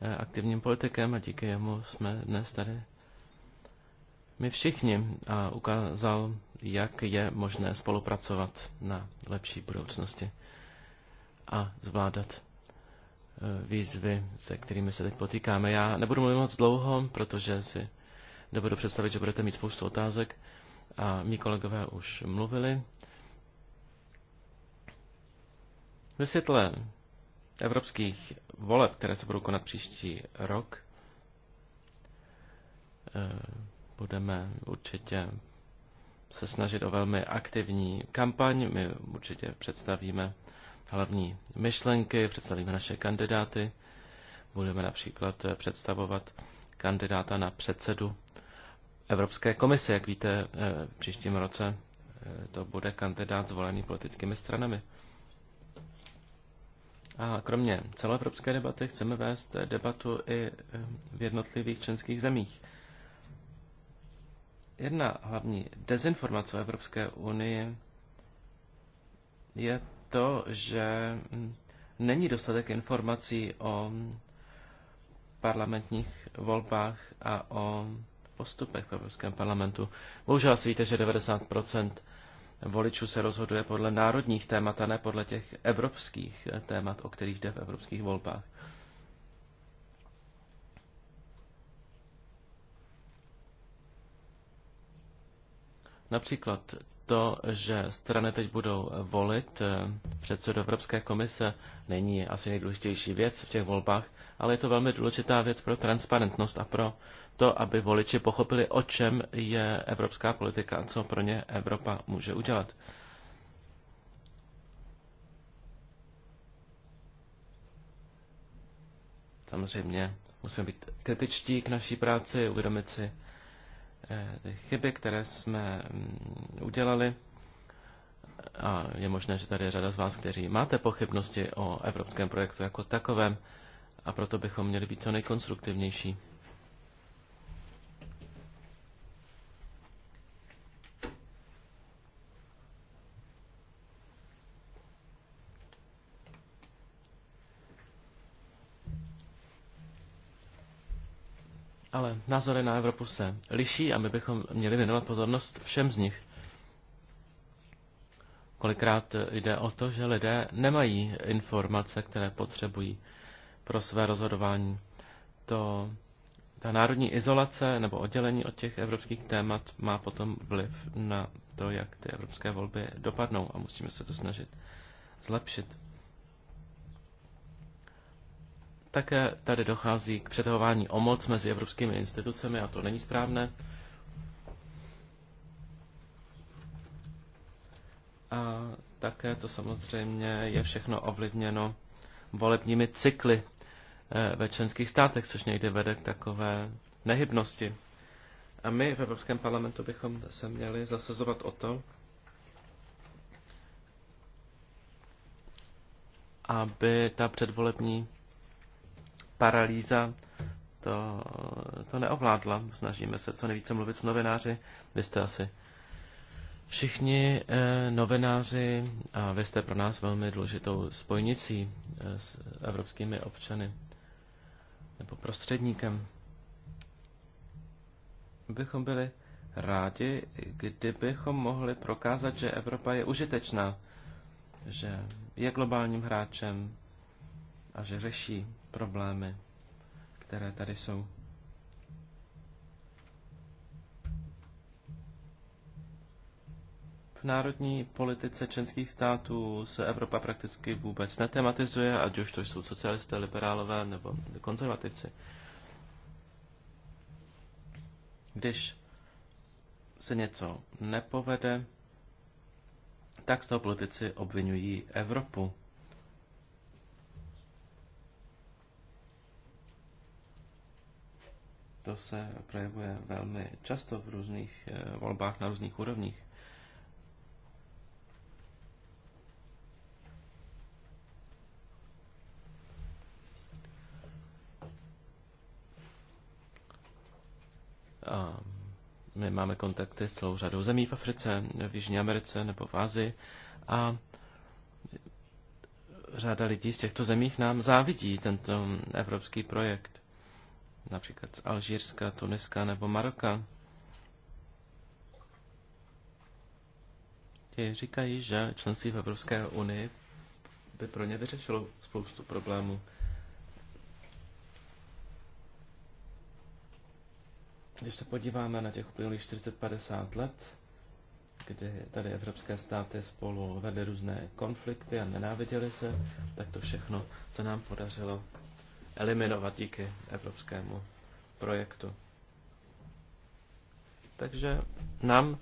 eh, aktivním politikem a díky jemu jsme dnes tady my všichni a ukázal, jak je možné spolupracovat na lepší budoucnosti a zvládat e, výzvy, se kterými se teď potýkáme. Já nebudu mluvit moc dlouho, protože si nebudu představit, že budete mít spoustu otázek a mý kolegové už mluvili. Ve světle evropských voleb, které se budou konat příští rok, e, budeme určitě se snažit o velmi aktivní kampaň. My určitě představíme hlavní myšlenky, představíme naše kandidáty. Budeme například představovat kandidáta na předsedu Evropské komise. Jak víte, eh, v příštím roce eh, to bude kandidát zvolený politickými stranami. A kromě celoevropské debaty chceme vést debatu i eh, v jednotlivých členských zemích. Jedna hlavní dezinformace o Evropské unii je to, že není dostatek informací o parlamentních volbách a o postupech v Evropském parlamentu. Bohužel si víte, že 90% voličů se rozhoduje podle národních témat a ne podle těch evropských témat, o kterých jde v evropských volbách. Například to, že strany teď budou volit eh, předsedu Evropské komise, není asi nejdůležitější věc v těch volbách, ale je to velmi důležitá věc pro transparentnost a pro to, aby voliči pochopili, o čem je evropská politika a co pro ně Evropa může udělat. Samozřejmě musíme být kritičtí k naší práci, uvědomit si, Eh, ty chyby, které jsme mm, udělali. A je možné, že tady je řada z vás, kteří máte pochybnosti o evropském projektu jako takovém, a proto bychom měli být co nejkonstruktivnější. Ale názory na Evropu se liší a my bychom měli věnovat pozornost všem z nich. Kolikrát jde o to, že lidé nemají informace, které potřebují pro své rozhodování. To, ta národní izolace nebo oddělení od těch evropských témat má potom vliv na to, jak ty evropské volby dopadnou a musíme se to snažit zlepšit. Také tady dochází k přetahování o moc mezi evropskými institucemi a to není správné. A také to samozřejmě je všechno ovlivněno volebními cykly eh, ve členských státech, což někdy vede k takové nehybnosti. A my v Evropském parlamentu bychom se měli zasazovat o to, aby ta předvolební paralýza to, to neovládla. Snažíme se co nejvíce mluvit s novináři. Vy jste asi všichni eh, novináři a vy jste pro nás velmi důležitou spojnicí eh, s evropskými občany nebo prostředníkem. Bychom byli rádi, kdybychom mohli prokázat, že Evropa je užitečná, že je globálním hráčem a že řeší problémy, které tady jsou. V národní politice členských států se Evropa prakticky vůbec netematizuje, ať už to jsou socialisté, liberálové nebo konzervativci. Když se něco nepovede, tak z toho politici obvinují Evropu. To se projevuje velmi často v různých eh, volbách na různých úrovních. A my máme kontakty s celou řadou zemí v Africe, v Jižní Americe nebo v Ázii a řada lidí z těchto zemích nám závidí tento evropský projekt například z Alžírska, Tuniska nebo Maroka. Ti říkají, že členství v Evropské unii by pro ně vyřešilo spoustu problémů. Když se podíváme na těch uplynulých 40-50 let, kdy tady evropské státy spolu vedly různé konflikty a nenáviděly se, tak to všechno se nám podařilo eliminovat díky evropskému projektu. Takže nám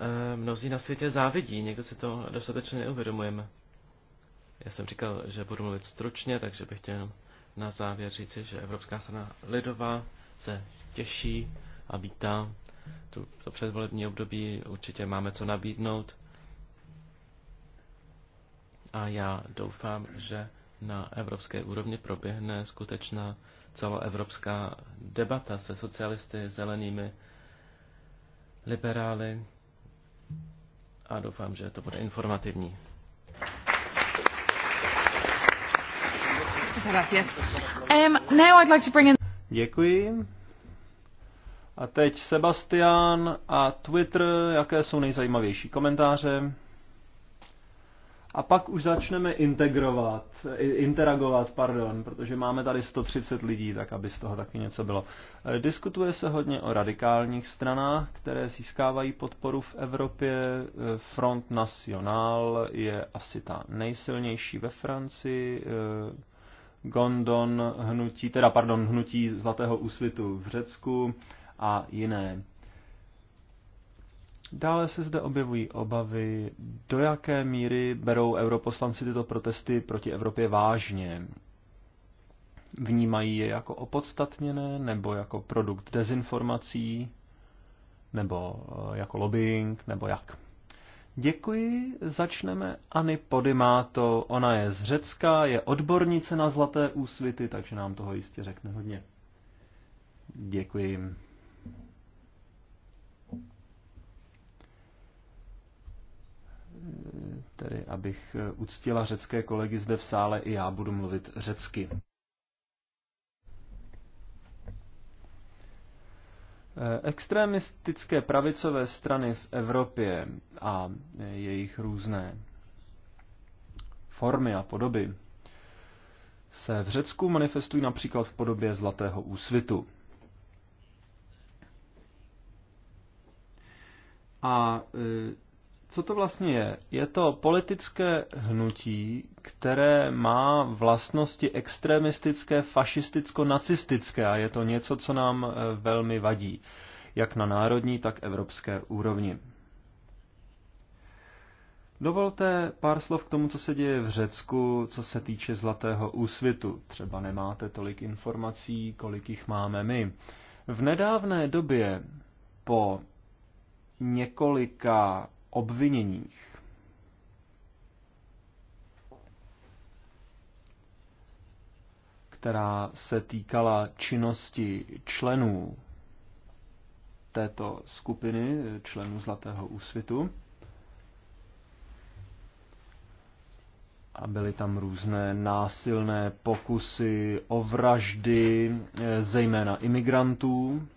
eh, mnozí na světě závidí, někdo si to dostatečně neuvědomujeme. Já jsem říkal, že budu mluvit stručně, takže bych chtěl na závěr říci, že Evropská strana lidová se těší a vítá tu, to předvolební období. Určitě máme co nabídnout. A já doufám, že na evropské úrovni proběhne skutečná celoevropská debata se socialisty, zelenými, liberály a doufám, že to bude informativní. Um, Děkuji. A teď Sebastian a Twitter, jaké jsou nejzajímavější komentáře? a pak už začneme integrovat, interagovat, pardon, protože máme tady 130 lidí, tak aby z toho taky něco bylo. Eh, diskutuje se hodně o radikálních stranách, které získávají podporu v Evropě. Eh, Front National je asi ta nejsilnější ve Francii. Eh, Gondon hnutí, teda pardon, hnutí Zlatého úsvitu v Řecku a jiné Dále se zde objevují obavy, do jaké míry berou europoslanci tyto protesty proti Evropě vážně. Vnímají je jako opodstatněné, nebo jako produkt dezinformací, nebo eh, jako lobbying, nebo jak. Děkuji, začneme Ani Podimáto. Ona je z Řecka, je odbornice na zlaté úsvity, takže nám toho jistě řekne hodně. Děkuji. tedy abych eh, uctila řecké kolegy zde v sále, i já budu mluvit řecky. Eh, extremistické pravicové strany v Evropě a eh, jejich různé formy a podoby se v Řecku manifestují například v podobě Zlatého úsvitu. A co to vlastně je? Je to politické hnutí, které má vlastnosti extremistické, fašisticko-nacistické a je to něco, co nám eh, velmi vadí, jak na národní, tak evropské úrovni. Dovolte pár slov k tomu, co se děje v Řecku, co se týče Zlatého úsvitu. Třeba nemáte tolik informací, kolik jich máme my. V nedávné době po několika obviněních. která se týkala činnosti členů této skupiny, členů Zlatého úsvitu. A byly tam různé násilné pokusy o vraždy, eh, zejména imigrantů,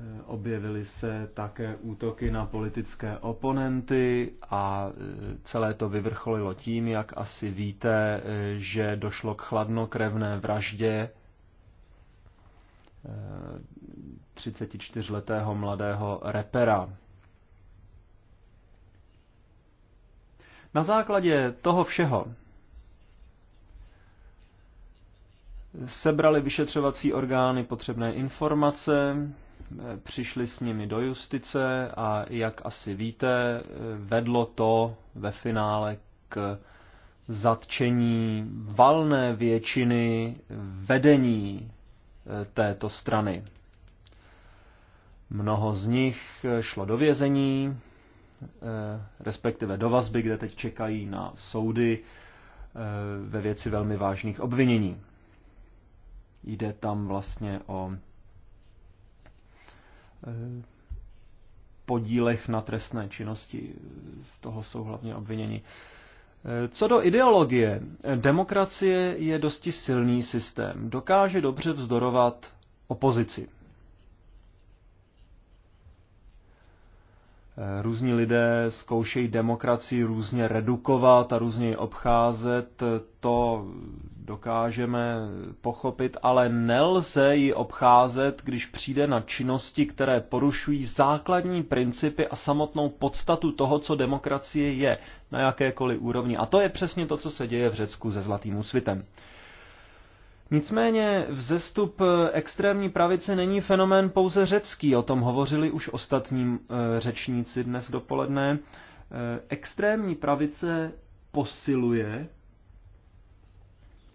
Eh, objevily se také útoky na politické oponenty a eh, celé to vyvrcholilo tím, jak asi víte, eh, že došlo k chladnokrevné vraždě 34-letého mladého repera. Na základě toho všeho sebrali vyšetřovací orgány potřebné informace, přišli s nimi do justice a jak asi víte, vedlo to ve finále k zatčení valné většiny vedení eh, této strany. Mnoho z nich eh, šlo do vězení, eh, respektive do vazby, kde teď čekají na soudy ve věci velmi vážných obvinění. Jde tam vlastně o podílech na trestné činnosti. Z toho jsou hlavně obviněni. Co do ideologie, demokracie je dosti silný systém. Dokáže dobře vzdorovat opozici. Eh, různí lidé zkoušejí demokracii různě redukovat a různě ji obcházet, to dokážeme pochopit, ale nelze ji obcházet, když přijde na činnosti, které porušují základní principy a samotnou podstatu toho, co demokracie je na jakékoliv úrovni. A to je přesně to, co se děje v Řecku se Zlatým úsvitem. Nicméně vzestup eh, extrémní pravice není fenomén pouze řecký, o tom hovořili už ostatní eh, řečníci dnes dopoledne. Eh, extrémní pravice posiluje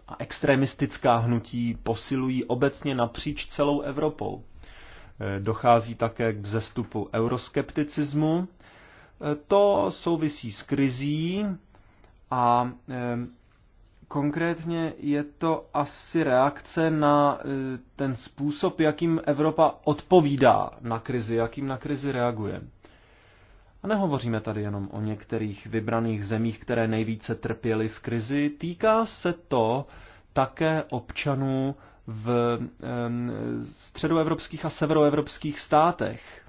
a extremistická hnutí posilují obecně napříč celou Evropou. Dochází také k vzestupu euroskepticismu. To souvisí s krizí a Konkrétně je to asi reakce na e, ten způsob, jakým Evropa odpovídá na krizi, jakým na krizi reaguje. A nehovoříme tady jenom o některých vybraných zemích, které nejvíce trpěly v krizi. Týká se to také občanů v středoevropských a severoevropských státech.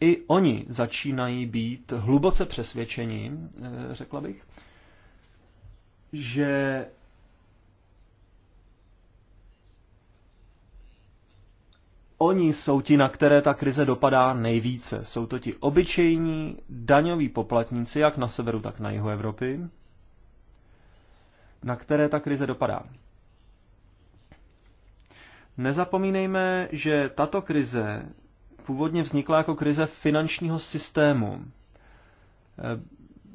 I oni začínají být hluboce přesvědčeni, e, řekla bych, že Oni jsou ti, na které ta krize dopadá nejvíce. Jsou to ti obyčejní daňoví poplatníci, jak na severu, tak na jihu Evropy, na které ta krize dopadá. Nezapomínejme, že tato krize původně vznikla jako krize finančního systému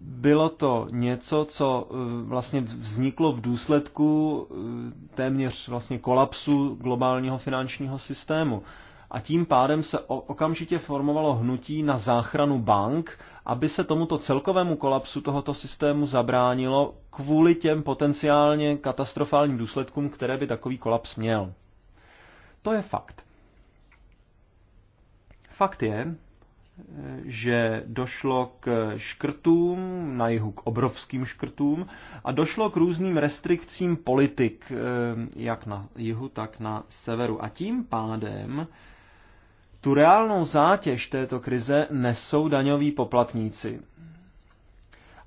bylo to něco, co eh, vlastně vzniklo v důsledku eh, téměř vlastně kolapsu globálního finančního systému. A tím pádem se okamžitě formovalo hnutí na záchranu bank, aby se tomuto celkovému kolapsu tohoto systému zabránilo kvůli těm potenciálně katastrofálním důsledkům, které by takový kolaps měl. To je fakt. Fakt je, že došlo k škrtům, na jihu k obrovským škrtům, a došlo k různým restrikcím politik, eh, jak na jihu, tak na severu. A tím pádem tu reálnou zátěž této krize nesou daňoví poplatníci.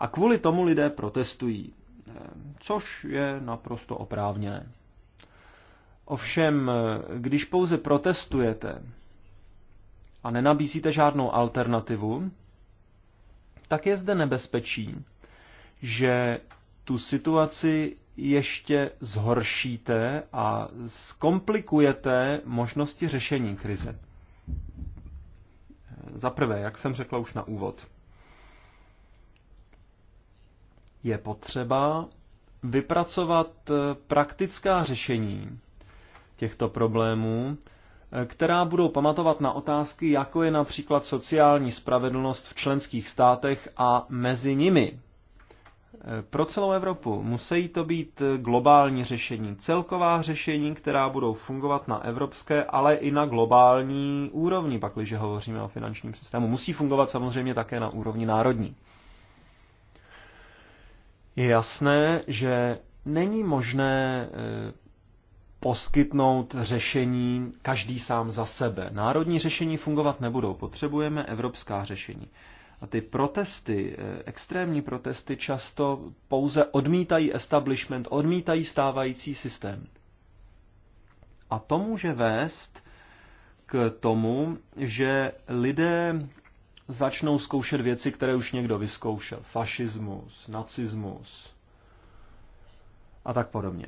A kvůli tomu lidé protestují, eh, což je naprosto oprávněné. Ovšem, eh, když pouze protestujete, a nenabízíte žádnou alternativu, tak je zde nebezpečí, že tu situaci ještě zhoršíte a zkomplikujete možnosti řešení krize. Za prvé, jak jsem řekla už na úvod, je potřeba vypracovat praktická řešení těchto problémů, která budou pamatovat na otázky, jako je například sociální spravedlnost v členských státech a mezi nimi. Pro celou Evropu musí to být globální řešení, celková řešení, která budou fungovat na evropské, ale i na globální úrovni, pakliže hovoříme o finančním systému. Musí fungovat samozřejmě také na úrovni národní. Je jasné, že není možné eh, poskytnout řešení každý sám za sebe. Národní řešení fungovat nebudou, potřebujeme evropská řešení. A ty protesty, eh, extrémní protesty, často pouze odmítají establishment, odmítají stávající systém. A to může vést k tomu, že lidé začnou zkoušet věci, které už někdo vyzkoušel. Fašismus, nacismus a tak podobně.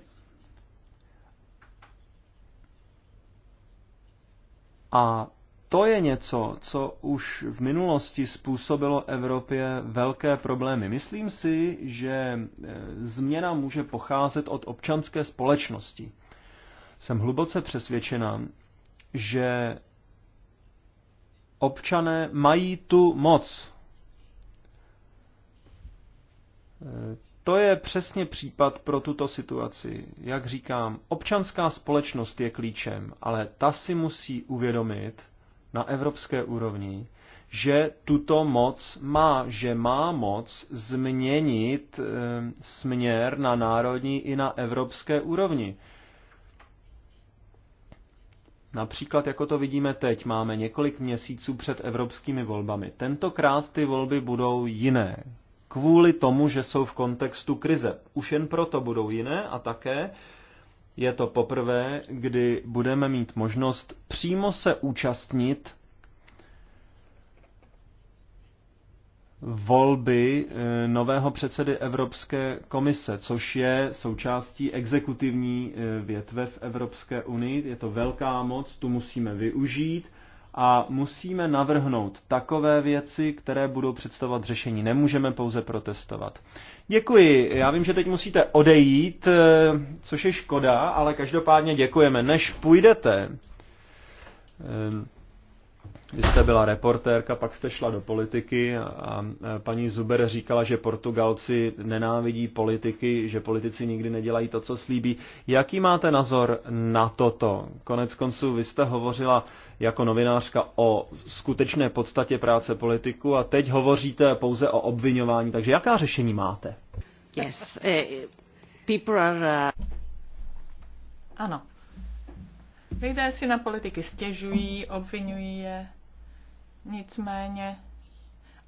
A to je něco, co už v minulosti způsobilo Evropě velké problémy. Myslím si, že e, změna může pocházet od občanské společnosti. Jsem hluboce přesvědčena, že občané mají tu moc. E, to je přesně případ pro tuto situaci. Jak říkám, občanská společnost je klíčem, ale ta si musí uvědomit na evropské úrovni, že tuto moc má, že má moc změnit e, směr na národní i na evropské úrovni. Například, jako to vidíme teď, máme několik měsíců před evropskými volbami. Tentokrát ty volby budou jiné kvůli tomu, že jsou v kontextu krize. Už jen proto budou jiné a také je to poprvé, kdy budeme mít možnost přímo se účastnit volby eh, nového předsedy Evropské komise, což je součástí exekutivní eh, větve v Evropské unii. Je to velká moc, tu musíme využít a musíme navrhnout takové věci, které budou představovat řešení. Nemůžeme pouze protestovat. Děkuji. Já vím, že teď musíte odejít, eh, což je škoda, ale každopádně děkujeme. Než půjdete, eh, vy jste byla reportérka, pak jste šla do politiky a paní Zuber říkala, že Portugalci nenávidí politiky, že politici nikdy nedělají to, co slíbí. Jaký máte názor na toto? Konec konců vy jste hovořila jako novinářka o skutečné podstatě práce politiku a teď hovoříte pouze o obvinování, takže jaká řešení máte? Yes, eh, people are... Eh, ano. Lidé si na politiky stěžují, obvinují je Nicméně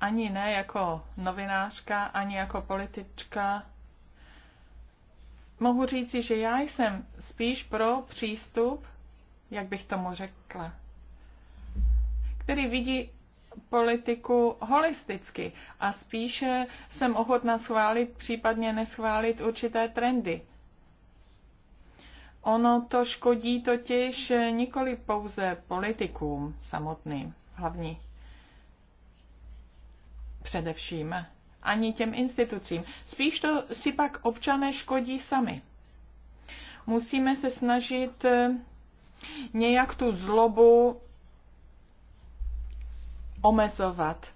ani ne jako novinářka, ani jako politička. Mohu říci, že já jsem spíš pro přístup, jak bych tomu řekla, který vidí politiku holisticky a spíše jsem ochotná schválit, případně neschválit určité trendy. Ono to škodí totiž nikoli pouze politikům samotným, hlavní především, ani těm institucím. Spíš to si pak občané škodí sami. Musíme se snažit eh, nějak tu zlobu omezovat,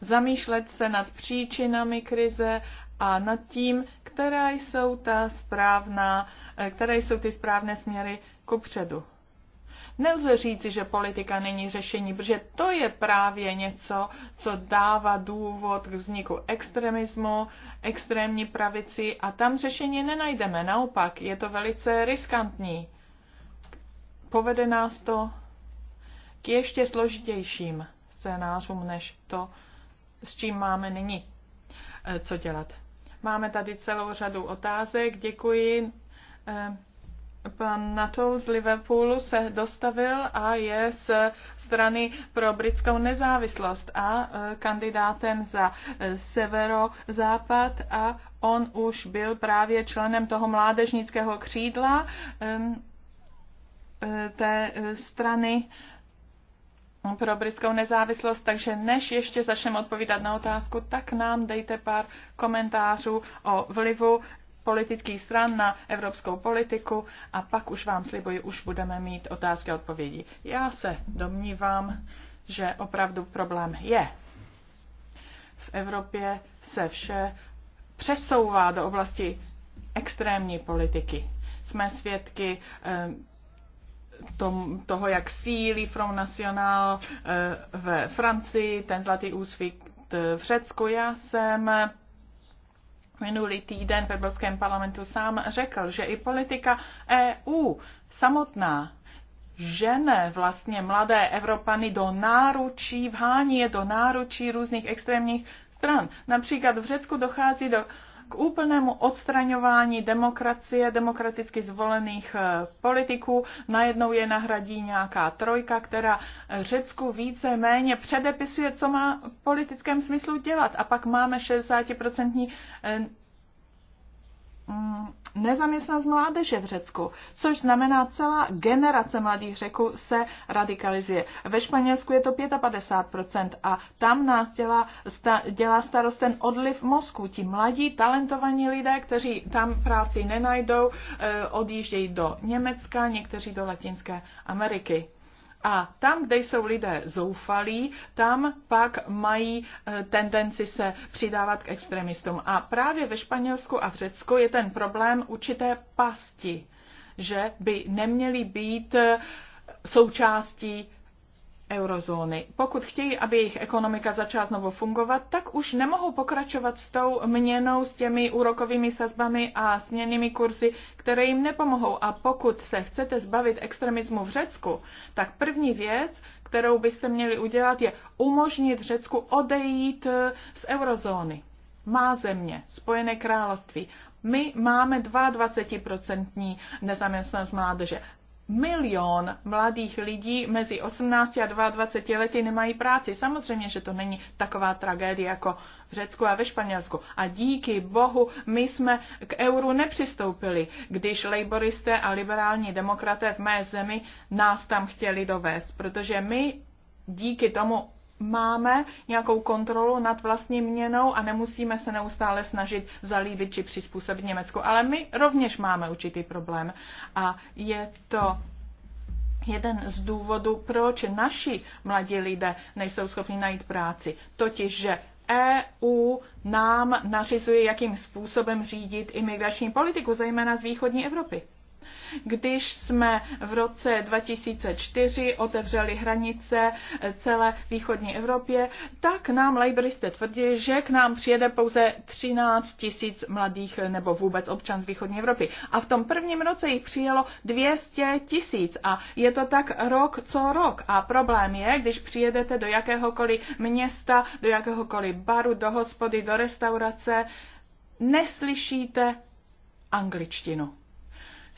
zamýšlet se nad příčinami krize a nad tím, které jsou, ta správná, eh, které jsou ty správné směry ku předu. Nelze říci, že politika není řešení, protože to je právě něco, co dává důvod k vzniku extremismu, extrémní pravici a tam řešení nenajdeme. Naopak, je to velice riskantní. Povede nás to k ještě složitějším scénářům, než to, s čím máme nyní eh, co dělat. Máme tady celou řadu otázek. Děkuji eh, Pan NATO z Liverpoolu se dostavil a je z strany pro britskou nezávislost a e, kandidátem za e, severozápad a on už byl právě členem toho mládežnického křídla e, té strany pro britskou nezávislost, takže než ještě začneme odpovídat na otázku, tak nám dejte pár komentářů o vlivu politických stran na evropskou politiku a pak už vám slibuji, už budeme mít otázky a odpovědi. Já se domnívám, že opravdu problém je. V Evropě se vše přesouvá do oblasti extrémní politiky. Jsme svědky eh, tom, toho, jak sílí Front National eh, ve Francii, ten zlatý úsvit eh, v Řecku. Já jsem minulý týden v Evropském parlamentu sám řekl, že i politika EU samotná žene vlastně mladé Evropany do náručí, vhání je do náručí různých extrémních stran. Například v Řecku dochází do k úplnému odstraňování demokracie, demokraticky zvolených eh, politiků. Najednou je nahradí nějaká trojka, která eh, Řecku více méně předepisuje, co má v politickém smyslu dělat. A pak máme 60% Mm, nezaměstnanost mládeže v Řecku, což znamená celá generace mladých Řeků se radikalizuje. Ve Španělsku je to 55% a tam nás dělá, sta, dělá starost ten odliv mozku. Ti mladí, talentovaní lidé, kteří tam práci nenajdou, eh, odjíždějí do Německa, někteří do Latinské Ameriky. A tam, kde jsou lidé zoufalí, tam pak mají eh, tendenci se přidávat k extremistům. A právě ve Španělsku a v Řecku je ten problém určité pasti, že by neměli být eh, součástí eurozóny. Pokud chtějí, aby jejich ekonomika začala znovu fungovat, tak už nemohou pokračovat s tou měnou, s těmi úrokovými sazbami a směnými kurzy, které jim nepomohou. A pokud se chcete zbavit extremismu v Řecku, tak první věc, kterou byste měli udělat, je umožnit Řecku odejít eh, z eurozóny. Má země, Spojené království. My máme 22% nezaměstnanost mládeže milion mladých lidí mezi 18 a 22 lety nemají práci. Samozřejmě, že to není taková tragédie jako v Řecku a ve Španělsku. A díky bohu my jsme k euru nepřistoupili, když laboristé a liberální demokraté v mé zemi nás tam chtěli dovést, protože my díky tomu máme nějakou kontrolu nad vlastní měnou a nemusíme se neustále snažit zalíbit či přizpůsobit Německu. Ale my rovněž máme určitý problém a je to jeden z důvodů, proč naši mladí lidé nejsou schopni najít práci. Totiž, že EU nám nařizuje, jakým způsobem řídit imigrační politiku, zejména z východní Evropy. Když jsme v roce 2004 otevřeli hranice eh, celé východní Evropě, tak nám laboristé tvrdí, že k nám přijede pouze 13 tisíc mladých eh, nebo vůbec občan z východní Evropy. A v tom prvním roce jich přijelo 200 tisíc a je to tak rok co rok. A problém je, když přijedete do jakéhokoliv města, do jakéhokoliv baru, do hospody, do restaurace, neslyšíte angličtinu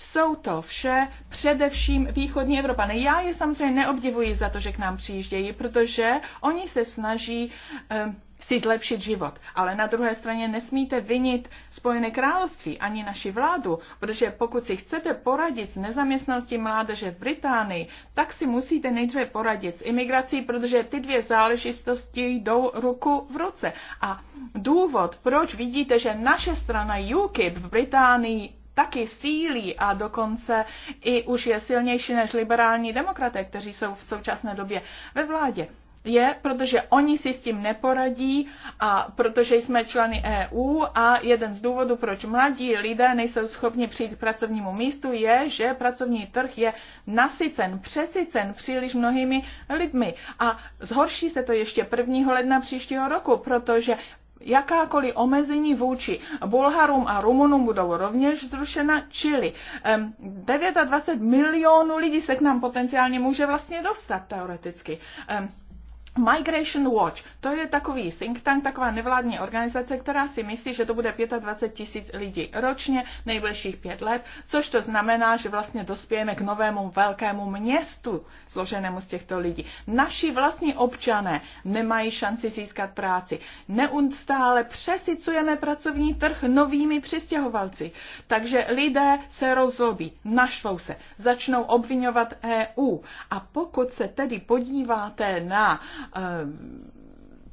jsou to vše především východní Evropané. Já je samozřejmě neobdivuji za to, že k nám přijíždějí, protože oni se snaží um, si zlepšit život. Ale na druhé straně nesmíte vinit Spojené království ani naši vládu, protože pokud si chcete poradit s nezaměstnaností mládeže v Británii, tak si musíte nejdříve poradit s imigrací, protože ty dvě záležitosti jdou ruku v ruce. A důvod, proč vidíte, že naše strana UKIP v Británii taky sílí a dokonce i už je silnější než liberální demokraté, kteří jsou v současné době ve vládě. Je, protože oni si s tím neporadí a protože jsme členy EU a jeden z důvodů, proč mladí lidé nejsou schopni přijít k pracovnímu místu, je, že pracovní trh je nasycen, přesycen příliš mnohými lidmi. A zhorší se to ještě 1. ledna příštího roku, protože jakákoliv omezení vůči Bulharům a Rumunům budou rovněž zrušena, čili 29 milionů lidí se k nám potenciálně může vlastně dostat teoreticky. Migration Watch, to je takový think tank, taková nevládní organizace, která si myslí, že to bude 25 tisíc lidí ročně, nejbližších pět let, což to znamená, že vlastně dospějeme k novému velkému městu složenému z těchto lidí. Naši vlastní občané nemají šanci získat práci. Neustále přesicujeme pracovní trh novými přistěhovalci. Takže lidé se rozlobí, našvou se, začnou obvinovat EU. A pokud se tedy podíváte na Ehm,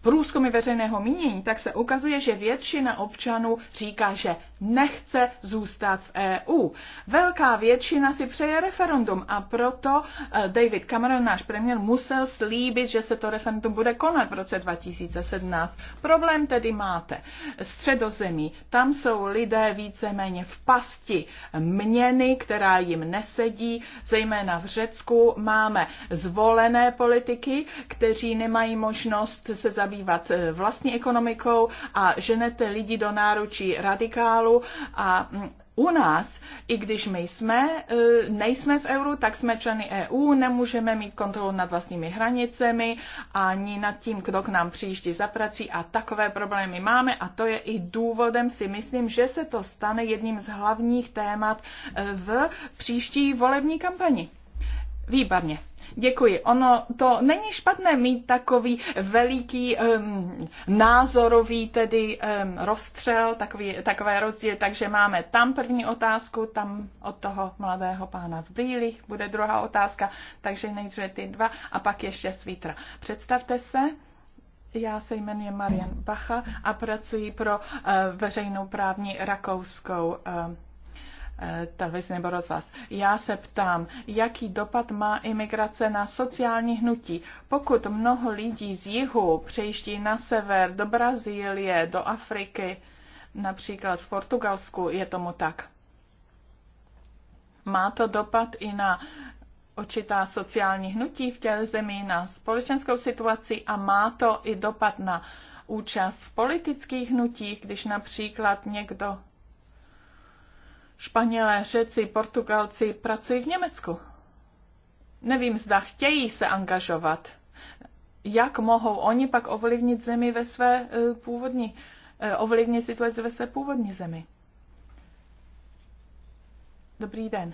průzkumy veřejného mínění, tak se ukazuje, že většina občanů říká, že nechce zůstat v EU. Velká většina si přeje referendum a proto eh, David Cameron, náš premiér, musel slíbit, že se to referendum bude konat v roce 2017. Problém tedy máte. Středozemí, tam jsou lidé víceméně v pasti měny, která jim nesedí, zejména v Řecku máme zvolené politiky, kteří nemají možnost se zabývat eh, vlastní ekonomikou a ženete lidi do náručí radikálu euru a mm, u nás, i když my jsme, e, nejsme v euru, tak jsme členy EU, nemůžeme mít kontrolu nad vlastními hranicemi, ani nad tím, kdo k nám přijíždí za prací a takové problémy máme a to je i důvodem si myslím, že se to stane jedním z hlavních témat e, v příští volební kampani. Výborně. Děkuji. Ono to není špatné mít takový veliký um, názorový tedy um, rozstřel, takový, takové rozdíly, takže máme tam první otázku, tam od toho mladého pána v bílých bude druhá otázka, takže nejdříve ty dva a pak ještě svítra. Představte se. Já se jmenuji Marian Bacha a pracuji pro uh, veřejnou právní rakouskou uh, věc nebo rozhlas. Já se ptám, jaký dopad má imigrace na sociální hnutí. Pokud mnoho lidí z jihu přejiští na sever, do Brazílie, do Afriky, například v Portugalsku, je tomu tak. Má to dopad i na očitá sociální hnutí v těch zemí, na společenskou situaci a má to i dopad na účast v politických hnutích, když například někdo Španělé, Řeci, Portugalci pracují v Německu. Nevím, zda chtějí se angažovat. Jak mohou oni pak ovlivnit zemi ve své e, původní, e, ovlivnit situaci ve své původní zemi? Dobrý den.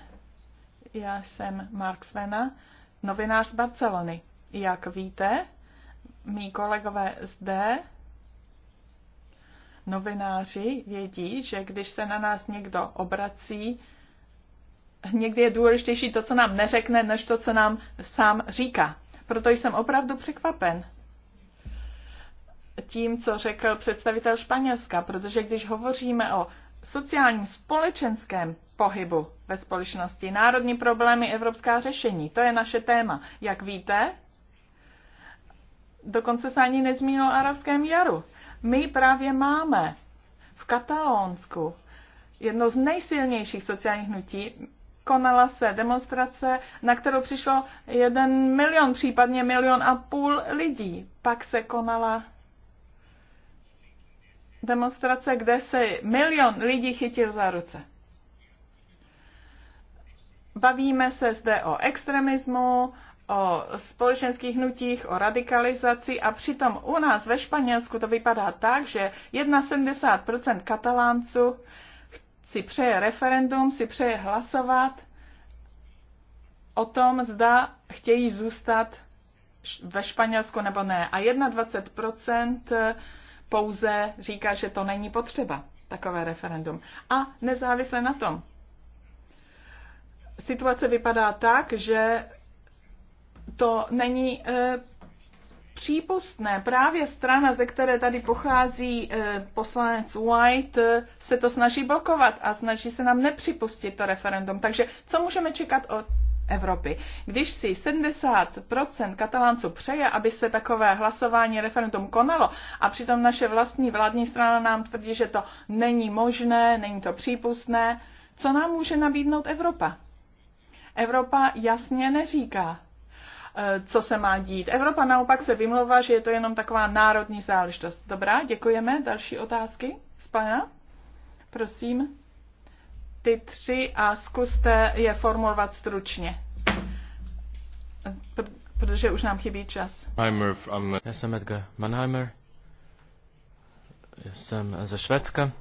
Já jsem Mark Svena, novinář z Barcelony. Jak víte, mý kolegové zde novináři vědí, že když se na nás někdo obrací, někdy je důležitější to, co nám neřekne, než to, co nám sám říká. Proto jsem opravdu překvapen tím, co řekl představitel Španělska, protože když hovoříme o sociálním společenském pohybu ve společnosti, národní problémy, evropská řešení, to je naše téma. Jak víte, dokonce se ani nezmínil arabském jaru my právě máme v Katalonsku jedno z nejsilnějších sociálních hnutí. Konala se demonstrace, na kterou přišlo jeden milion, případně milion a půl lidí. Pak se konala demonstrace, kde se milion lidí chytil za ruce. Bavíme se zde o extremismu, o společenských hnutích, o radikalizaci a přitom u nás ve Španělsku to vypadá tak, že 71% katalánců si přeje referendum, si přeje hlasovat o tom, zda chtějí zůstat ve Španělsku nebo ne. A 21% pouze říká, že to není potřeba, takové referendum. A nezávisle na tom. Situace vypadá tak, že to není eh, přípustné. Právě strana, ze které tady pochází eh, poslanec White, eh, se to snaží blokovat a snaží se nám nepřipustit to referendum. Takže co můžeme čekat od Evropy. Když si 70% katalánců přeje, aby se takové hlasování referendum konalo a přitom naše vlastní vládní strana nám tvrdí, že to není možné, není to přípustné, co nám může nabídnout Evropa? Evropa jasně neříká, Eh, co se má dít. Evropa naopak se vymlouvá, že je to jenom taková národní záležitost. Dobrá, děkujeme. Další otázky z pana? Prosím. Ty tři a zkuste je formulovat stručně. Pr- protože už nám chybí čas. Já jsem Edgar Mannheimer. Já jsem ze Švédska.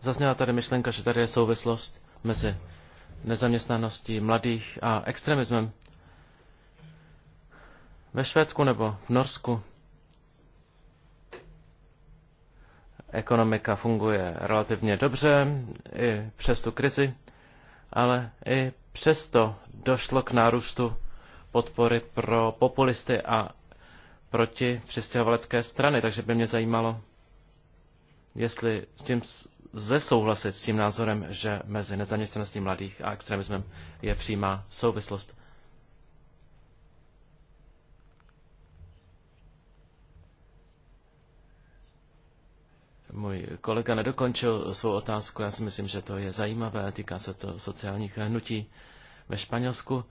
Zazněla tady myšlenka, že tady je souvislost mezi nezaměstnaností mladých a extremismem. Ve Švédsku nebo v Norsku ekonomika funguje relativně dobře i přes tu krizi, ale i přesto došlo k nárůstu podpory pro populisty a proti přistěhovalecké strany, takže by mě zajímalo, jestli s tím lze souhlasit s tím názorem, že mezi nezaměstnaností mladých a extremismem je přímá souvislost. Můj kolega nedokončil svou otázku, já si myslím, že to je zajímavé, týká se to sociálních hnutí ve Španělsku,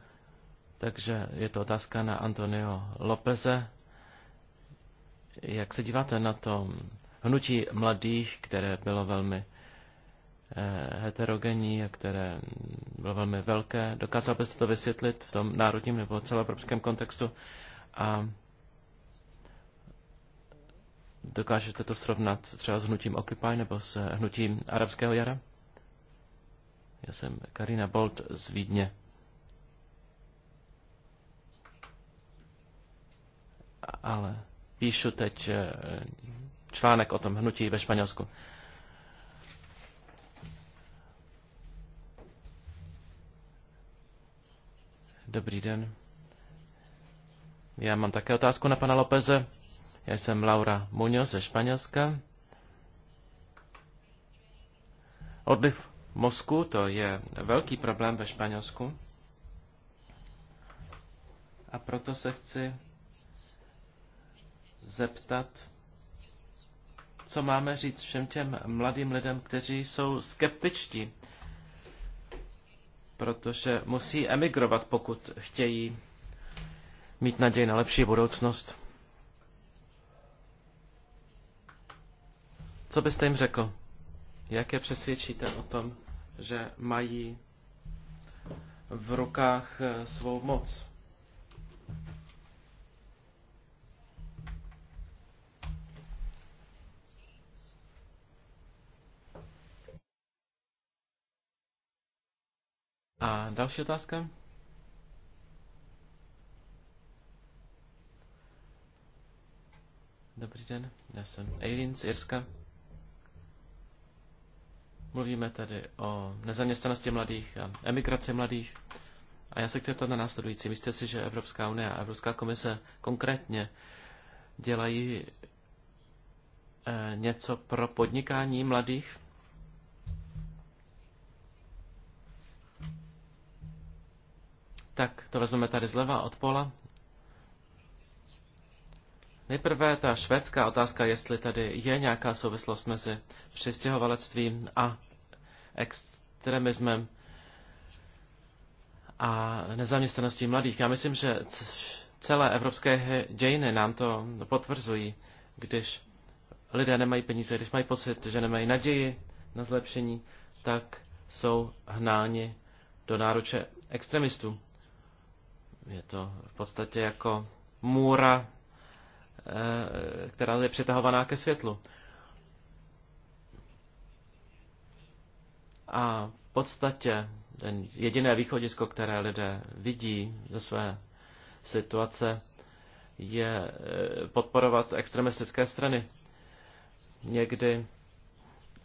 takže je to otázka na Antonio Lopeze. Jak se díváte na to hnutí mladých, které bylo velmi eh, heterogenní a které bylo velmi velké. Dokázal byste to vysvětlit v tom národním nebo celoevropském kontextu a dokážete to srovnat třeba s hnutím Occupy nebo s hnutím arabského jara? Já jsem Karina Bolt z Vídně. Ale píšu teď eh, článek o tom hnutí ve Španělsku. Dobrý den. Já mám také otázku na pana Lopeze. Já jsem Laura Muñoz ze Španělska. Odliv mozku, to je velký problém ve Španělsku. A proto se chci zeptat, co máme říct všem těm mladým lidem, kteří jsou skeptičtí, protože musí emigrovat, pokud chtějí mít naději na lepší budoucnost. Co byste jim řekl? Jak je přesvědčíte o tom, že mají v rukách eh, svou moc? A další otázka? Dobrý den, já jsem Eileen z Irska. Mluvíme tady o nezaměstnanosti mladých a emigraci mladých. A já se chci ptát na následující. Myslíte si, že Evropská unie a Evropská komise konkrétně dělají eh, něco pro podnikání mladých? tak to vezmeme tady zleva od pola. Nejprve ta švédská otázka, jestli tady je nějaká souvislost mezi přistěhovalectvím a extremismem a nezaměstnaností mladých. Já myslím, že celé evropské dějiny nám to potvrzují, když lidé nemají peníze, když mají pocit, že nemají naději na zlepšení, tak jsou hnáni do náruče extremistů. Je to v podstatě jako můra, eh, která je přitahovaná ke světlu. A v podstatě ten jediné východisko, které lidé vidí ze své situace, je eh, podporovat extremistické strany. Někdy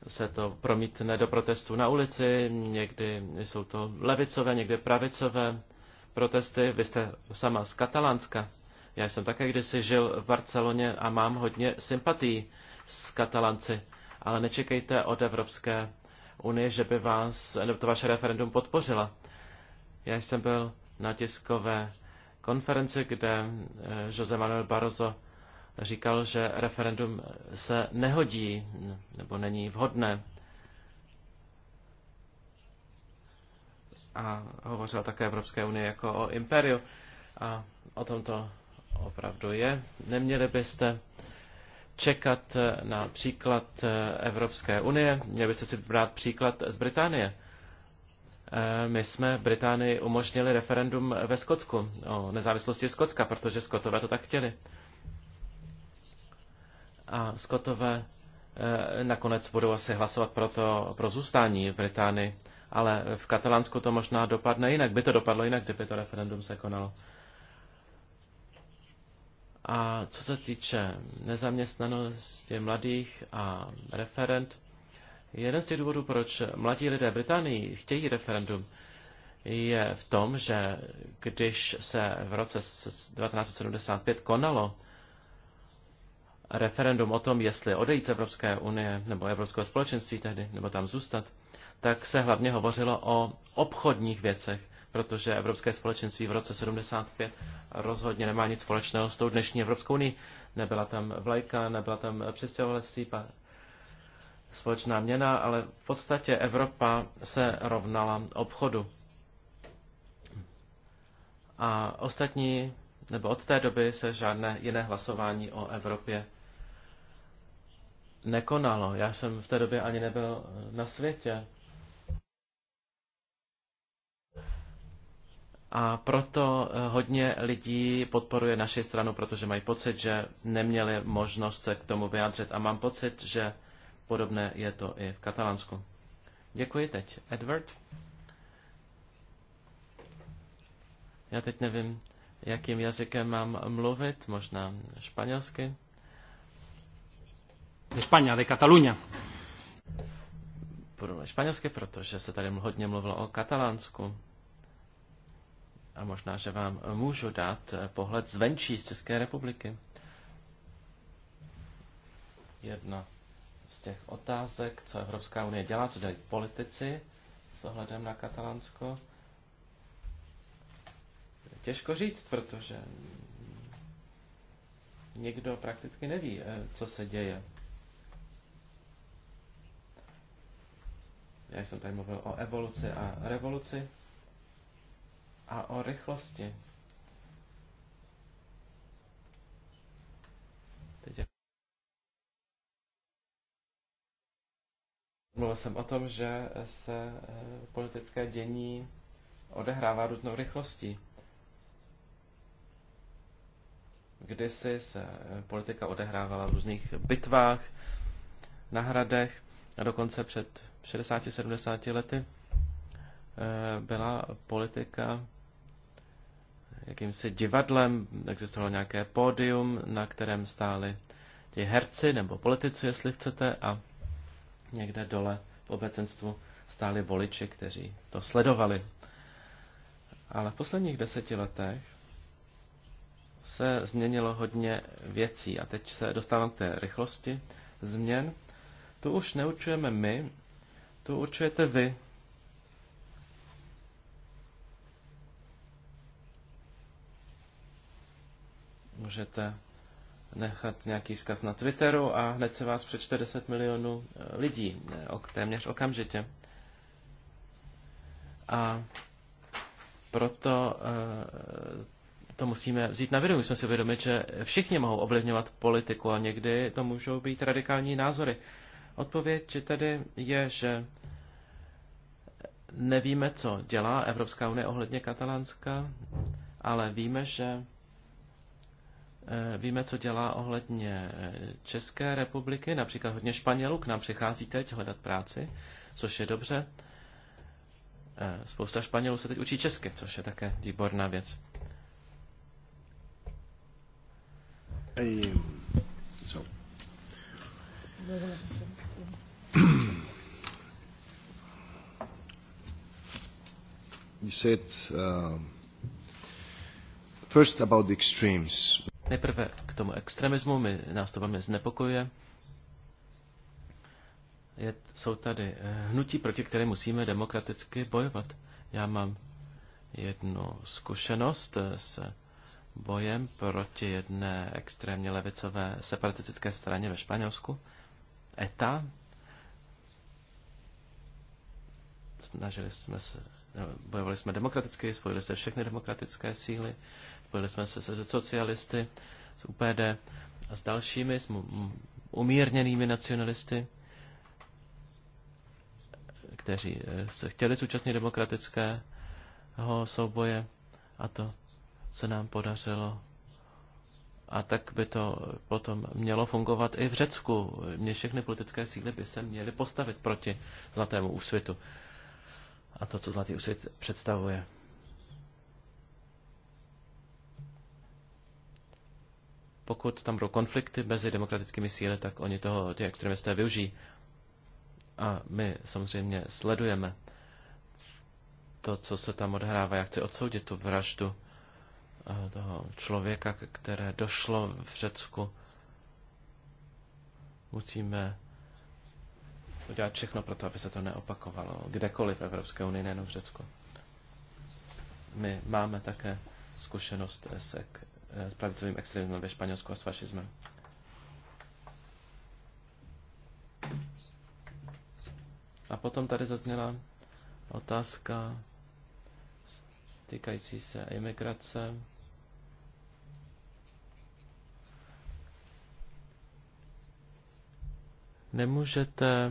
se to promítne do protestů na ulici, někdy jsou to levicové, někdy pravicové protesty. Vy jste sama z Katalánska. Já jsem také kdysi žil v Barceloně a mám hodně sympatií s Katalanci, ale nečekejte od Evropské unie, že by vás, nebo to vaše referendum podpořila. Já jsem byl na tiskové konferenci, kde eh, Jose Manuel Barroso říkal, že referendum se nehodí nebo není vhodné a hovořila také Evropské unie jako o imperiu. A o tom to opravdu je. Neměli byste čekat na příklad Evropské unie, měli byste si brát příklad z Británie. Eh, my jsme Británii umožnili referendum ve Skotsku o nezávislosti Skotska, protože Skotové to tak chtěli. A Skotové eh, nakonec budou asi hlasovat pro, to, pro zůstání v Británii ale v Katalánsku to možná dopadne jinak. By to dopadlo jinak, kdyby to referendum se konalo. A co se týče nezaměstnanosti mladých a referent, jeden z těch důvodů, proč mladí lidé v Británii chtějí referendum, je v tom, že když se v roce 1975 konalo referendum o tom, jestli odejít z Evropské unie nebo Evropského společenství tehdy, nebo tam zůstat, tak se hlavně hovořilo o obchodních věcech, protože Evropské společenství v roce 75 rozhodně nemá nic společného s tou dnešní Evropskou unii. Nebyla tam vlajka, nebyla tam přistěhovalectví, společná měna, ale v podstatě Evropa se rovnala obchodu. A ostatní, nebo od té doby se žádné jiné hlasování o Evropě nekonalo. Já jsem v té době ani nebyl na světě. A proto eh, hodně lidí podporuje naši stranu, protože mají pocit, že neměli možnost se k tomu vyjádřit. A mám pocit, že podobné je to i v Katalánsku. Děkuji teď. Edward? Já teď nevím, jakým jazykem mám mluvit, možná španělsky. De España, de Cataluña. španělsky, protože se tady hodně mluvilo o katalánsku. A možná, že vám můžu dát eh, pohled zvenčí z České republiky. Jedna z těch otázek, co Evropská unie dělá, co dělají politici s ohledem na Katalánsko. Těžko říct, protože nikdo prakticky neví, eh, co se děje. Já jsem tady mluvil o evoluci a revoluci a o rychlosti. Teď Mluvil jsem o tom, že se eh, politické dění odehrává různou rychlostí. Kdysi se eh, politika odehrávala v různých bitvách, na hradech a dokonce před 60-70 lety eh, byla politika jakýmsi divadlem, existovalo nějaké pódium, na kterém stáli ti herci nebo politici, jestli chcete, a někde dole v obecenstvu stáli voliči, kteří to sledovali. Ale v posledních deseti letech se změnilo hodně věcí a teď se dostávám k té rychlosti změn. Tu už neučujeme my, tu určujete vy, můžete nechat nějaký vzkaz na Twitteru a hned se vás přečte 10 milionů eh, lidí, eh, téměř okamžitě. A proto eh, to musíme vzít na vědomí. Musíme si uvědomit, že všichni mohou ovlivňovat politiku a někdy to můžou být radikální názory. Odpověď tedy je, že nevíme, co dělá Evropská unie ohledně Katalánska, ale víme, že Eh, víme, co dělá ohledně eh, České republiky, například hodně Španělů k nám přichází teď hledat práci, což je dobře. Eh, spousta Španělů se teď učí česky, což je také výborná věc. You said uh, first about the extremes. Nejprve k tomu extremismu, my, nás to velmi znepokojuje. Je, jsou tady eh, hnutí, proti které musíme demokraticky bojovat. Já mám jednu zkušenost eh, s bojem proti jedné extrémně levicové separatistické straně ve Španělsku. ETA. Snažili jsme se, eh, bojovali jsme demokraticky, spojili se všechny demokratické síly, byli jsme se, se socialisty, s UPD a s dalšími, s umírněnými nacionalisty, kteří eh, se chtěli zúčastnit demokratického souboje a to se nám podařilo. A tak by to potom mělo fungovat i v Řecku. Mě všechny politické síly by se měly postavit proti Zlatému úsvitu a to, co Zlatý úsvit představuje. pokud tam budou konflikty mezi demokratickými síly, tak oni toho ty extremisté využijí. A my samozřejmě sledujeme to, co se tam odhrává. Já chci odsoudit tu vraždu eh, toho člověka, které došlo v Řecku. Musíme udělat všechno pro to, aby se to neopakovalo. Kdekoliv v Evropské unii, nejenom v Řecku. My máme také zkušenost s s pravicovým extremismem ve Španělsku a s fašismem. A potom tady zazněla otázka týkající se imigrace. Nemůžete,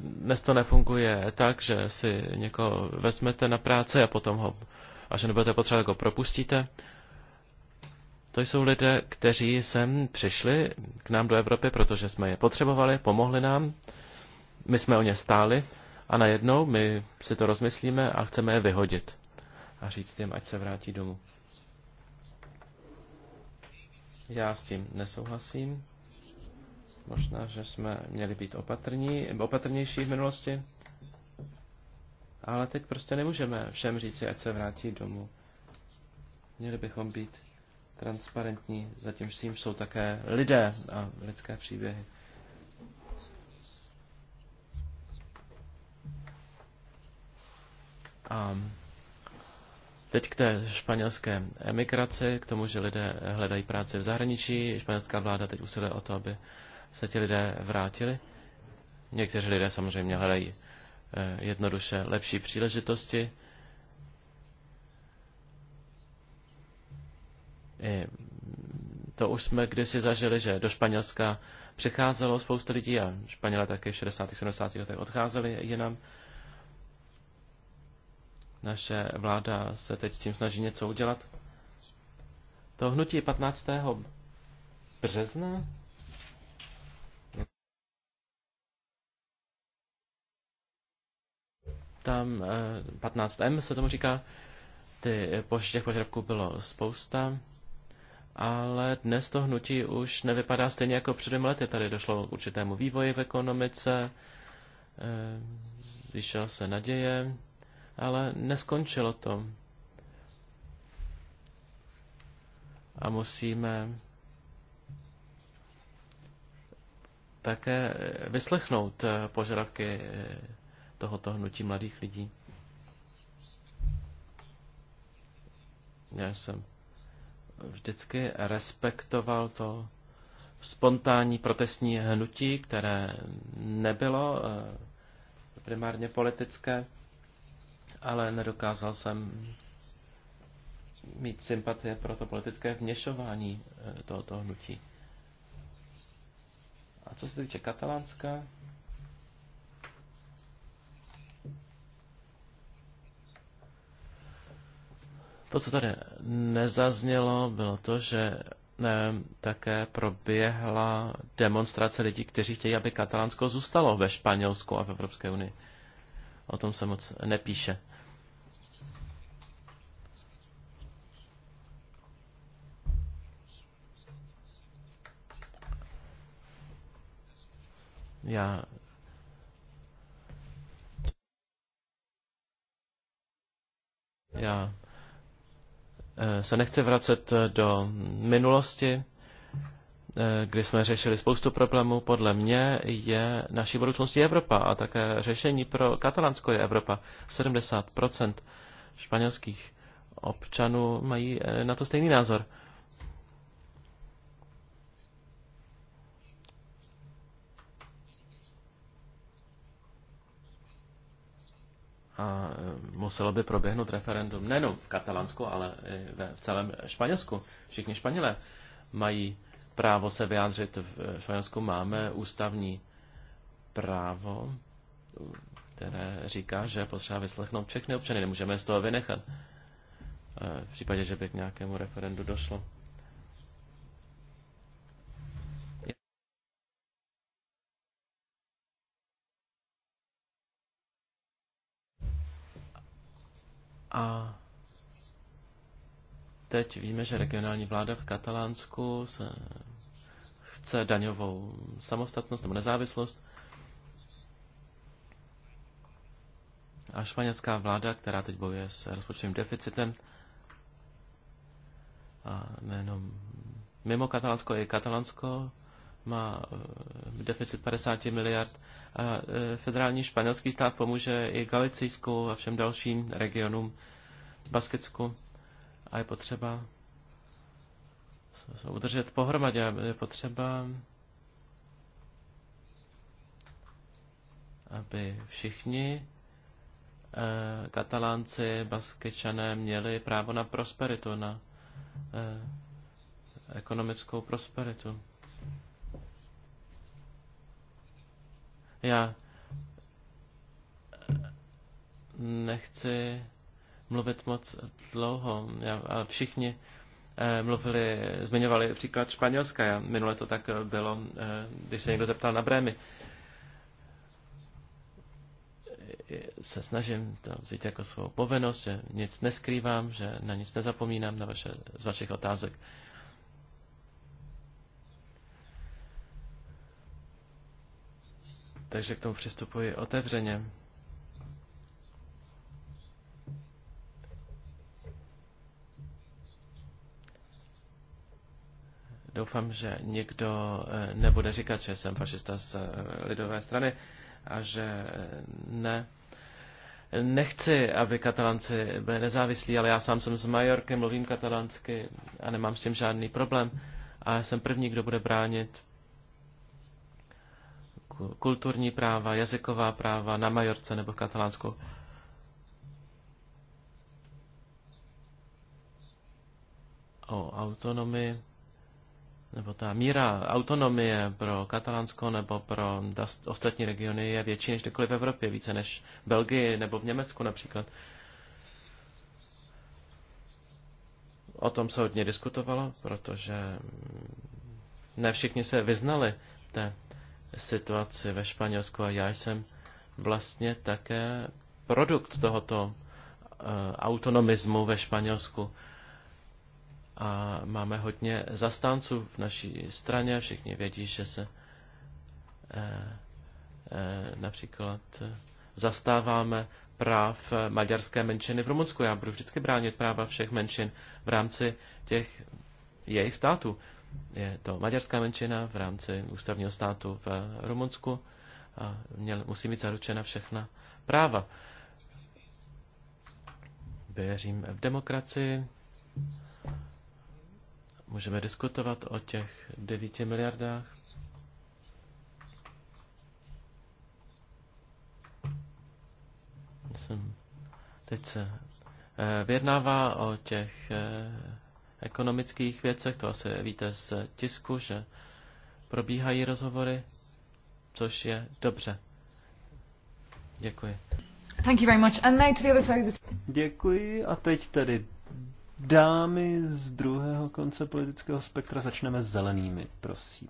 dnes to nefunguje tak, že si někoho vezmete na práci a potom ho, až nebudete potřebovat, ho propustíte. To jsou lidé, kteří sem přišli k nám do Evropy, protože jsme je potřebovali, pomohli nám, my jsme o ně stáli a najednou my si to rozmyslíme a chceme je vyhodit a říct jim, ať se vrátí domů. Já s tím nesouhlasím. Možná, že jsme měli být opatrní, opatrnější v minulosti. Ale teď prostě nemůžeme všem říci, ať se vrátí domů. Měli bychom být transparentní, s tím jsou také lidé a lidské příběhy. A teď k té španělské emigraci, k tomu, že lidé hledají práci v zahraničí. Španělská vláda teď usiluje o to, aby se ti lidé vrátili. Někteří lidé samozřejmě hledají eh, jednoduše lepší příležitosti to už jsme kdysi zažili, že do Španělska přicházelo spousta lidí a Španělé také v 60. a 70. letech odcházeli jinam. Naše vláda se teď s tím snaží něco udělat. To hnutí 15. března tam 15M eh, se tomu říká, ty, těch požadavků bylo spousta ale dnes to hnutí už nevypadá stejně jako před lety. Tady došlo k určitému vývoji v ekonomice, eh, zvýšila se naděje, ale neskončilo to. A musíme také vyslechnout eh, požadavky eh, tohoto hnutí mladých lidí. Já jsem vždycky respektoval to spontánní protestní hnutí, které nebylo eh, primárně politické, ale nedokázal jsem mít sympatie pro to politické vněšování eh, tohoto hnutí. A co se týče Katalánska, To, co tady nezaznělo, bylo to, že ne, také proběhla demonstrace lidí, kteří chtějí, aby Katalánsko zůstalo ve Španělsku a v Evropské unii. O tom se moc nepíše. Já já Eh, se nechci vracet eh, do minulosti, eh, kdy jsme řešili spoustu problémů. Podle mě je naší budoucnosti Evropa a také řešení pro Katalánsko je Evropa. 70% španělských občanů mají na to stejný názor. a e, muselo by proběhnout referendum nejen v Katalánsku, ale i v celém Španělsku. Všichni Španělé mají právo se vyjádřit. V e, Španělsku máme ústavní právo, které říká, že potřeba vyslechnout všechny občany. Nemůžeme z toho vynechat. E, v případě, že by k nějakému referendu došlo. A teď víme, že regionální vláda v Katalánsku se chce daňovou samostatnost nebo nezávislost. A španělská vláda, která teď bojuje s rozpočtovým deficitem, a nejenom mimo Katalánsko, i Katalánsko má eh, deficit 50 miliard a eh, federální španělský stát pomůže i Galicijsku a všem dalším regionům Baskicku a je potřeba udržet pohromadě, je potřeba aby všichni eh, katalánci, baskečané měli právo na prosperitu, na ekonomickou prosperitu. Já nechci mluvit moc dlouho. Já, a všichni eh, mluvili, zmiňovali příklad Španělska. Já, minule to tak bylo, eh, když se někdo zeptal na Brémy. Se snažím to vzít jako svou povinnost, že nic neskrývám, že na nic nezapomínám na vaše, z vašich otázek. Eh, takže k tomu přistupuji otevřeně. Doufám, že nikdo eh, nebude říkat, že jsem fašista z eh, lidové strany a že eh, ne. Nechci, aby katalanci byli nezávislí, ale já sám jsem z Majorky, mluvím katalánsky a nemám s tím žádný problém. A jsem první, kdo bude bránit kulturní práva, jazyková práva na Majorce nebo v Katalánsku. O autonomii, nebo ta míra autonomie pro Katalánsko nebo pro ostatní regiony je větší než kdekoliv v Evropě, více než v Belgii nebo v Německu například. O tom se hodně diskutovalo, protože ne všichni se vyznali té situaci ve Španělsku a já jsem vlastně také produkt tohoto eh, autonomismu ve Španělsku. A máme hodně zastánců v naší straně, všichni vědí, že se eh, eh, například zastáváme práv maďarské menšiny v Rumunsku. Já budu vždycky bránit práva všech menšin v rámci těch jejich států je to maďarská menšina v rámci ústavního státu v Rumunsku a měl, musí mít zaručena všechna práva. Věřím v demokracii. Můžeme diskutovat o těch 9 miliardách. Jsem, teď se eh, vyjednává o těch eh, ekonomických věcech, to asi víte z tisku, že probíhají rozhovory, což je dobře. Děkuji. Thank you very much. And now to the other side of the... Děkuji a teď tedy dámy z druhého konce politického spektra začneme s zelenými, prosím.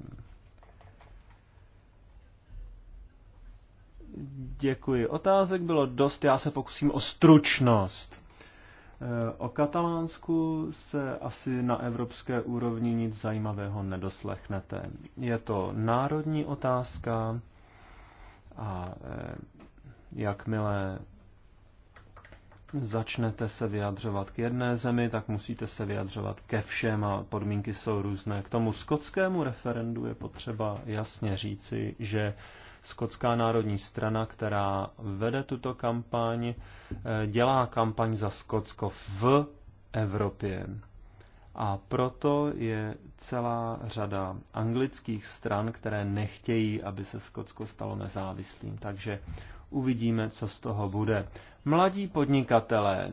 Děkuji. Otázek bylo dost, já se pokusím o stručnost. Eh, o Katalánsku se asi na evropské úrovni nic zajímavého nedoslechnete. Je to národní otázka a eh, jakmile začnete se vyjadřovat k jedné zemi, tak musíte se vyjadřovat ke všem a podmínky jsou různé. K tomu skotskému referendu je potřeba jasně říci, že Skotská národní strana, která vede tuto kampaň, eh, dělá kampaň za Skotsko v Evropě. A proto je celá řada anglických stran, které nechtějí, aby se Skotsko stalo nezávislým. Takže uvidíme, co z toho bude. Mladí podnikatelé.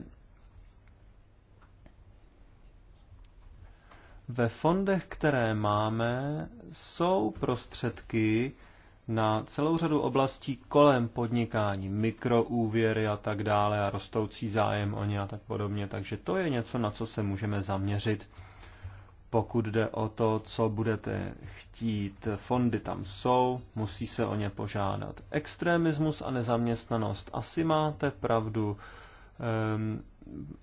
Ve fondech, které máme, jsou prostředky, na celou řadu oblastí kolem podnikání, mikroúvěry a tak dále a rostoucí zájem o ně a tak podobně. Takže to je něco, na co se můžeme zaměřit. Pokud jde o to, co budete chtít, fondy tam jsou, musí se o ně požádat. Extremismus a nezaměstnanost. Asi máte pravdu, um,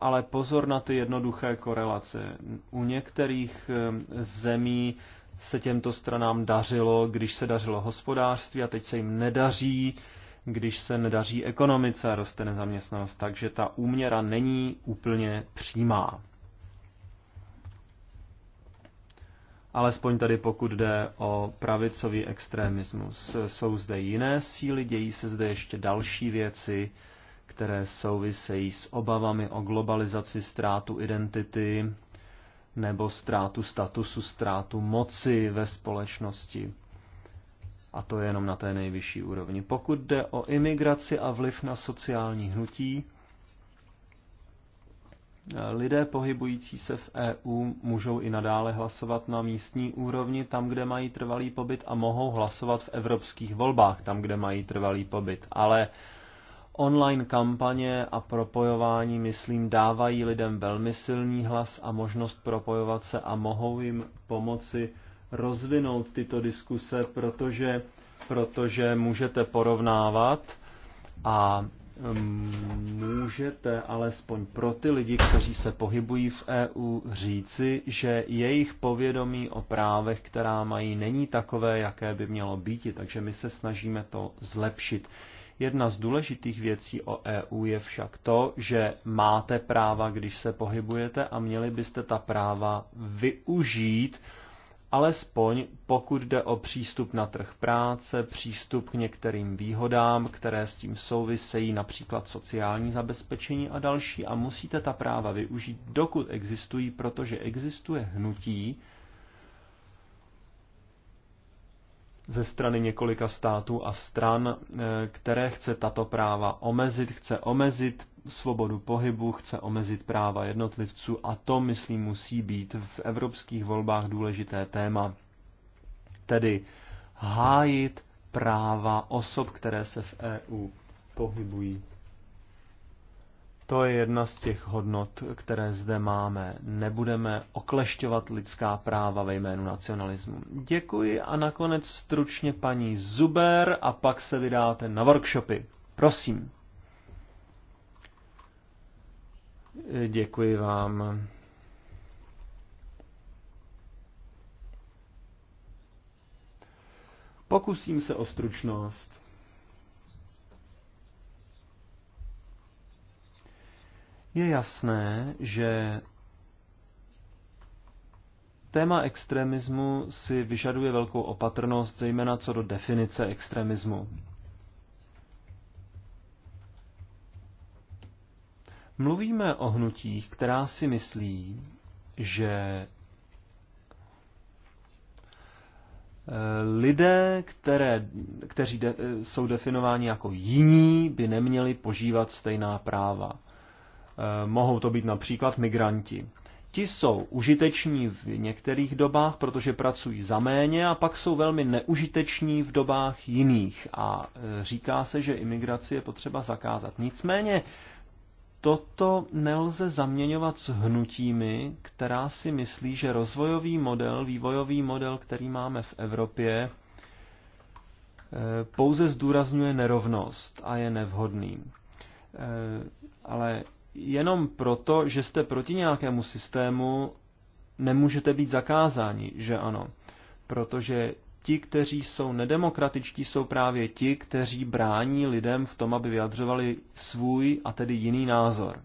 ale pozor na ty jednoduché korelace. U některých ehm, zemí se těmto stranám dařilo, když se dařilo hospodářství a teď se jim nedaří, když se nedaří ekonomice a roste nezaměstnanost. Takže ta úměra není úplně přímá. Alespoň tady pokud jde o pravicový extremismus. Jsou zde jiné síly, dějí se zde ještě další věci, které souvisejí s obavami o globalizaci, ztrátu identity, nebo ztrátu statusu, ztrátu moci ve společnosti. A to je jenom na té nejvyšší úrovni. Pokud jde o imigraci a vliv na sociální hnutí, lidé pohybující se v EU můžou i nadále hlasovat na místní úrovni, tam, kde mají trvalý pobyt, a mohou hlasovat v evropských volbách, tam, kde mají trvalý pobyt. Ale Online kampaně a propojování, myslím, dávají lidem velmi silný hlas a možnost propojovat se a mohou jim pomoci rozvinout tyto diskuse, protože, protože můžete porovnávat a mm, můžete alespoň pro ty lidi, kteří se pohybují v EU, říci, že jejich povědomí o právech, která mají, není takové, jaké by mělo být. Takže my se snažíme to zlepšit. Jedna z důležitých věcí o EU je však to, že máte práva, když se pohybujete a měli byste ta práva využít, alespoň pokud jde o přístup na trh práce, přístup k některým výhodám, které s tím souvisejí, například sociální zabezpečení a další, a musíte ta práva využít, dokud existují, protože existuje hnutí, ze strany několika států a stran, eh, které chce tato práva omezit, chce omezit svobodu pohybu, chce omezit práva jednotlivců a to, myslím, musí být v evropských volbách důležité téma. Tedy hájit práva osob, které se v EU pohybují. To je jedna z těch hodnot, které zde máme. Nebudeme oklešťovat lidská práva ve jménu nacionalismu. Děkuji a nakonec stručně paní Zuber a pak se vydáte na workshopy. Prosím. Děkuji vám. Pokusím se o stručnost. Je jasné, že téma extremismu si vyžaduje velkou opatrnost, zejména co do definice extremismu. Mluvíme o hnutích, která si myslí, že eh, lidé, které, kteří de, eh, jsou definováni jako jiní, by neměli požívat stejná práva. Eh, mohou to být například migranti. Ti jsou užiteční v některých dobách, protože pracují za méně a pak jsou velmi neužiteční v dobách jiných. A eh, říká se, že imigraci je potřeba zakázat. Nicméně toto nelze zaměňovat s hnutími, která si myslí, že rozvojový model, vývojový model, který máme v Evropě, eh, pouze zdůrazňuje nerovnost a je nevhodný. Ale jenom proto, že jste proti nějakému systému, nemůžete být zakázáni, že ano. Protože ti, kteří jsou nedemokratičtí, jsou právě ti, kteří brání lidem v tom, aby vyjadřovali svůj a tedy jiný názor.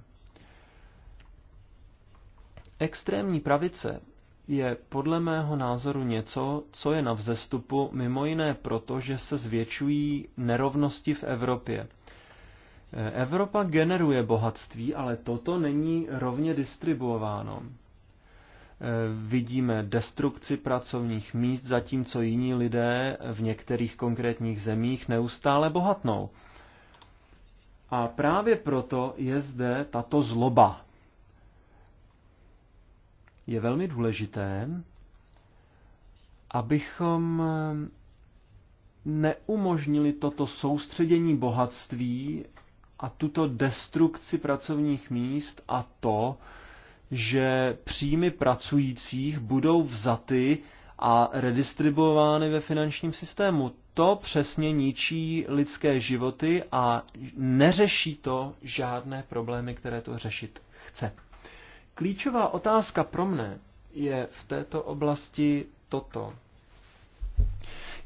Extrémní pravice je podle mého názoru něco, co je na vzestupu mimo jiné proto, že se zvětšují nerovnosti v Evropě – Evropa generuje bohatství, ale toto není rovně distribuováno. Vidíme destrukci pracovních míst, zatímco jiní lidé v některých konkrétních zemích neustále bohatnou. A právě proto je zde tato zloba. Je velmi důležité, abychom neumožnili toto soustředění bohatství a tuto destrukci pracovních míst a to, že příjmy pracujících budou vzaty a redistribuovány ve finančním systému. To přesně ničí lidské životy a neřeší to žádné problémy, které to řešit chce. Klíčová otázka pro mne je v této oblasti toto.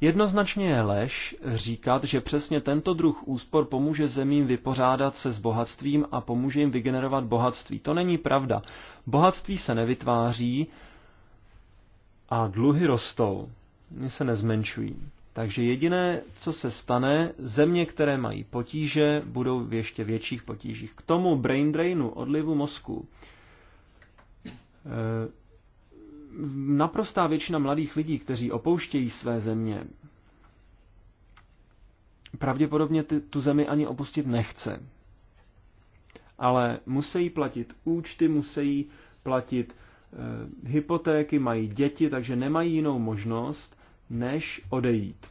Jednoznačně je lež říkat, že přesně tento druh úspor pomůže zemím vypořádat se s bohatstvím a pomůže jim vygenerovat bohatství. To není pravda. Bohatství se nevytváří a dluhy rostou. Oni se nezmenšují. Takže jediné, co se stane, země, které mají potíže, budou v ještě větších potížích. K tomu brain drainu, odlivu mozku. E naprostá většina mladých lidí, kteří opouštějí své země, pravděpodobně ty, tu zemi ani opustit nechce. Ale musí platit účty, musí platit eh, hypotéky, mají děti, takže nemají jinou možnost, než odejít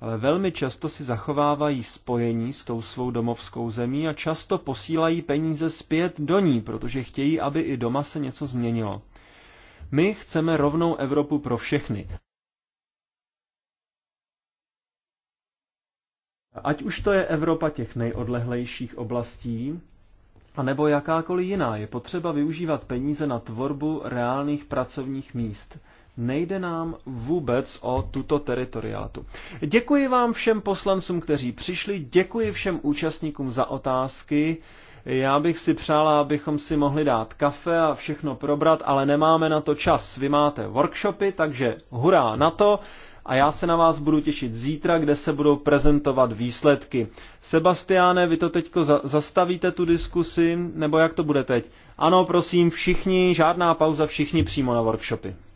ale velmi často si zachovávají spojení s tou svou domovskou zemí a často posílají peníze zpět do ní, protože chtějí, aby i doma se něco změnilo. My chceme rovnou Evropu pro všechny. Ať už to je Evropa těch nejodlehlejších oblastí, anebo jakákoliv jiná, je potřeba využívat peníze na tvorbu reálných pracovních míst – Nejde nám vůbec o tuto teritorialitu. Děkuji vám všem poslancům, kteří přišli, děkuji všem účastníkům za otázky. Já bych si přála, abychom si mohli dát kafe a všechno probrat, ale nemáme na to čas. Vy máte workshopy, takže hurá na to a já se na vás budu těšit zítra, kde se budou prezentovat výsledky. Sebastiáne, vy to teďko za- zastavíte tu diskusi, nebo jak to bude teď? Ano, prosím, všichni, žádná pauza, všichni přímo na workshopy.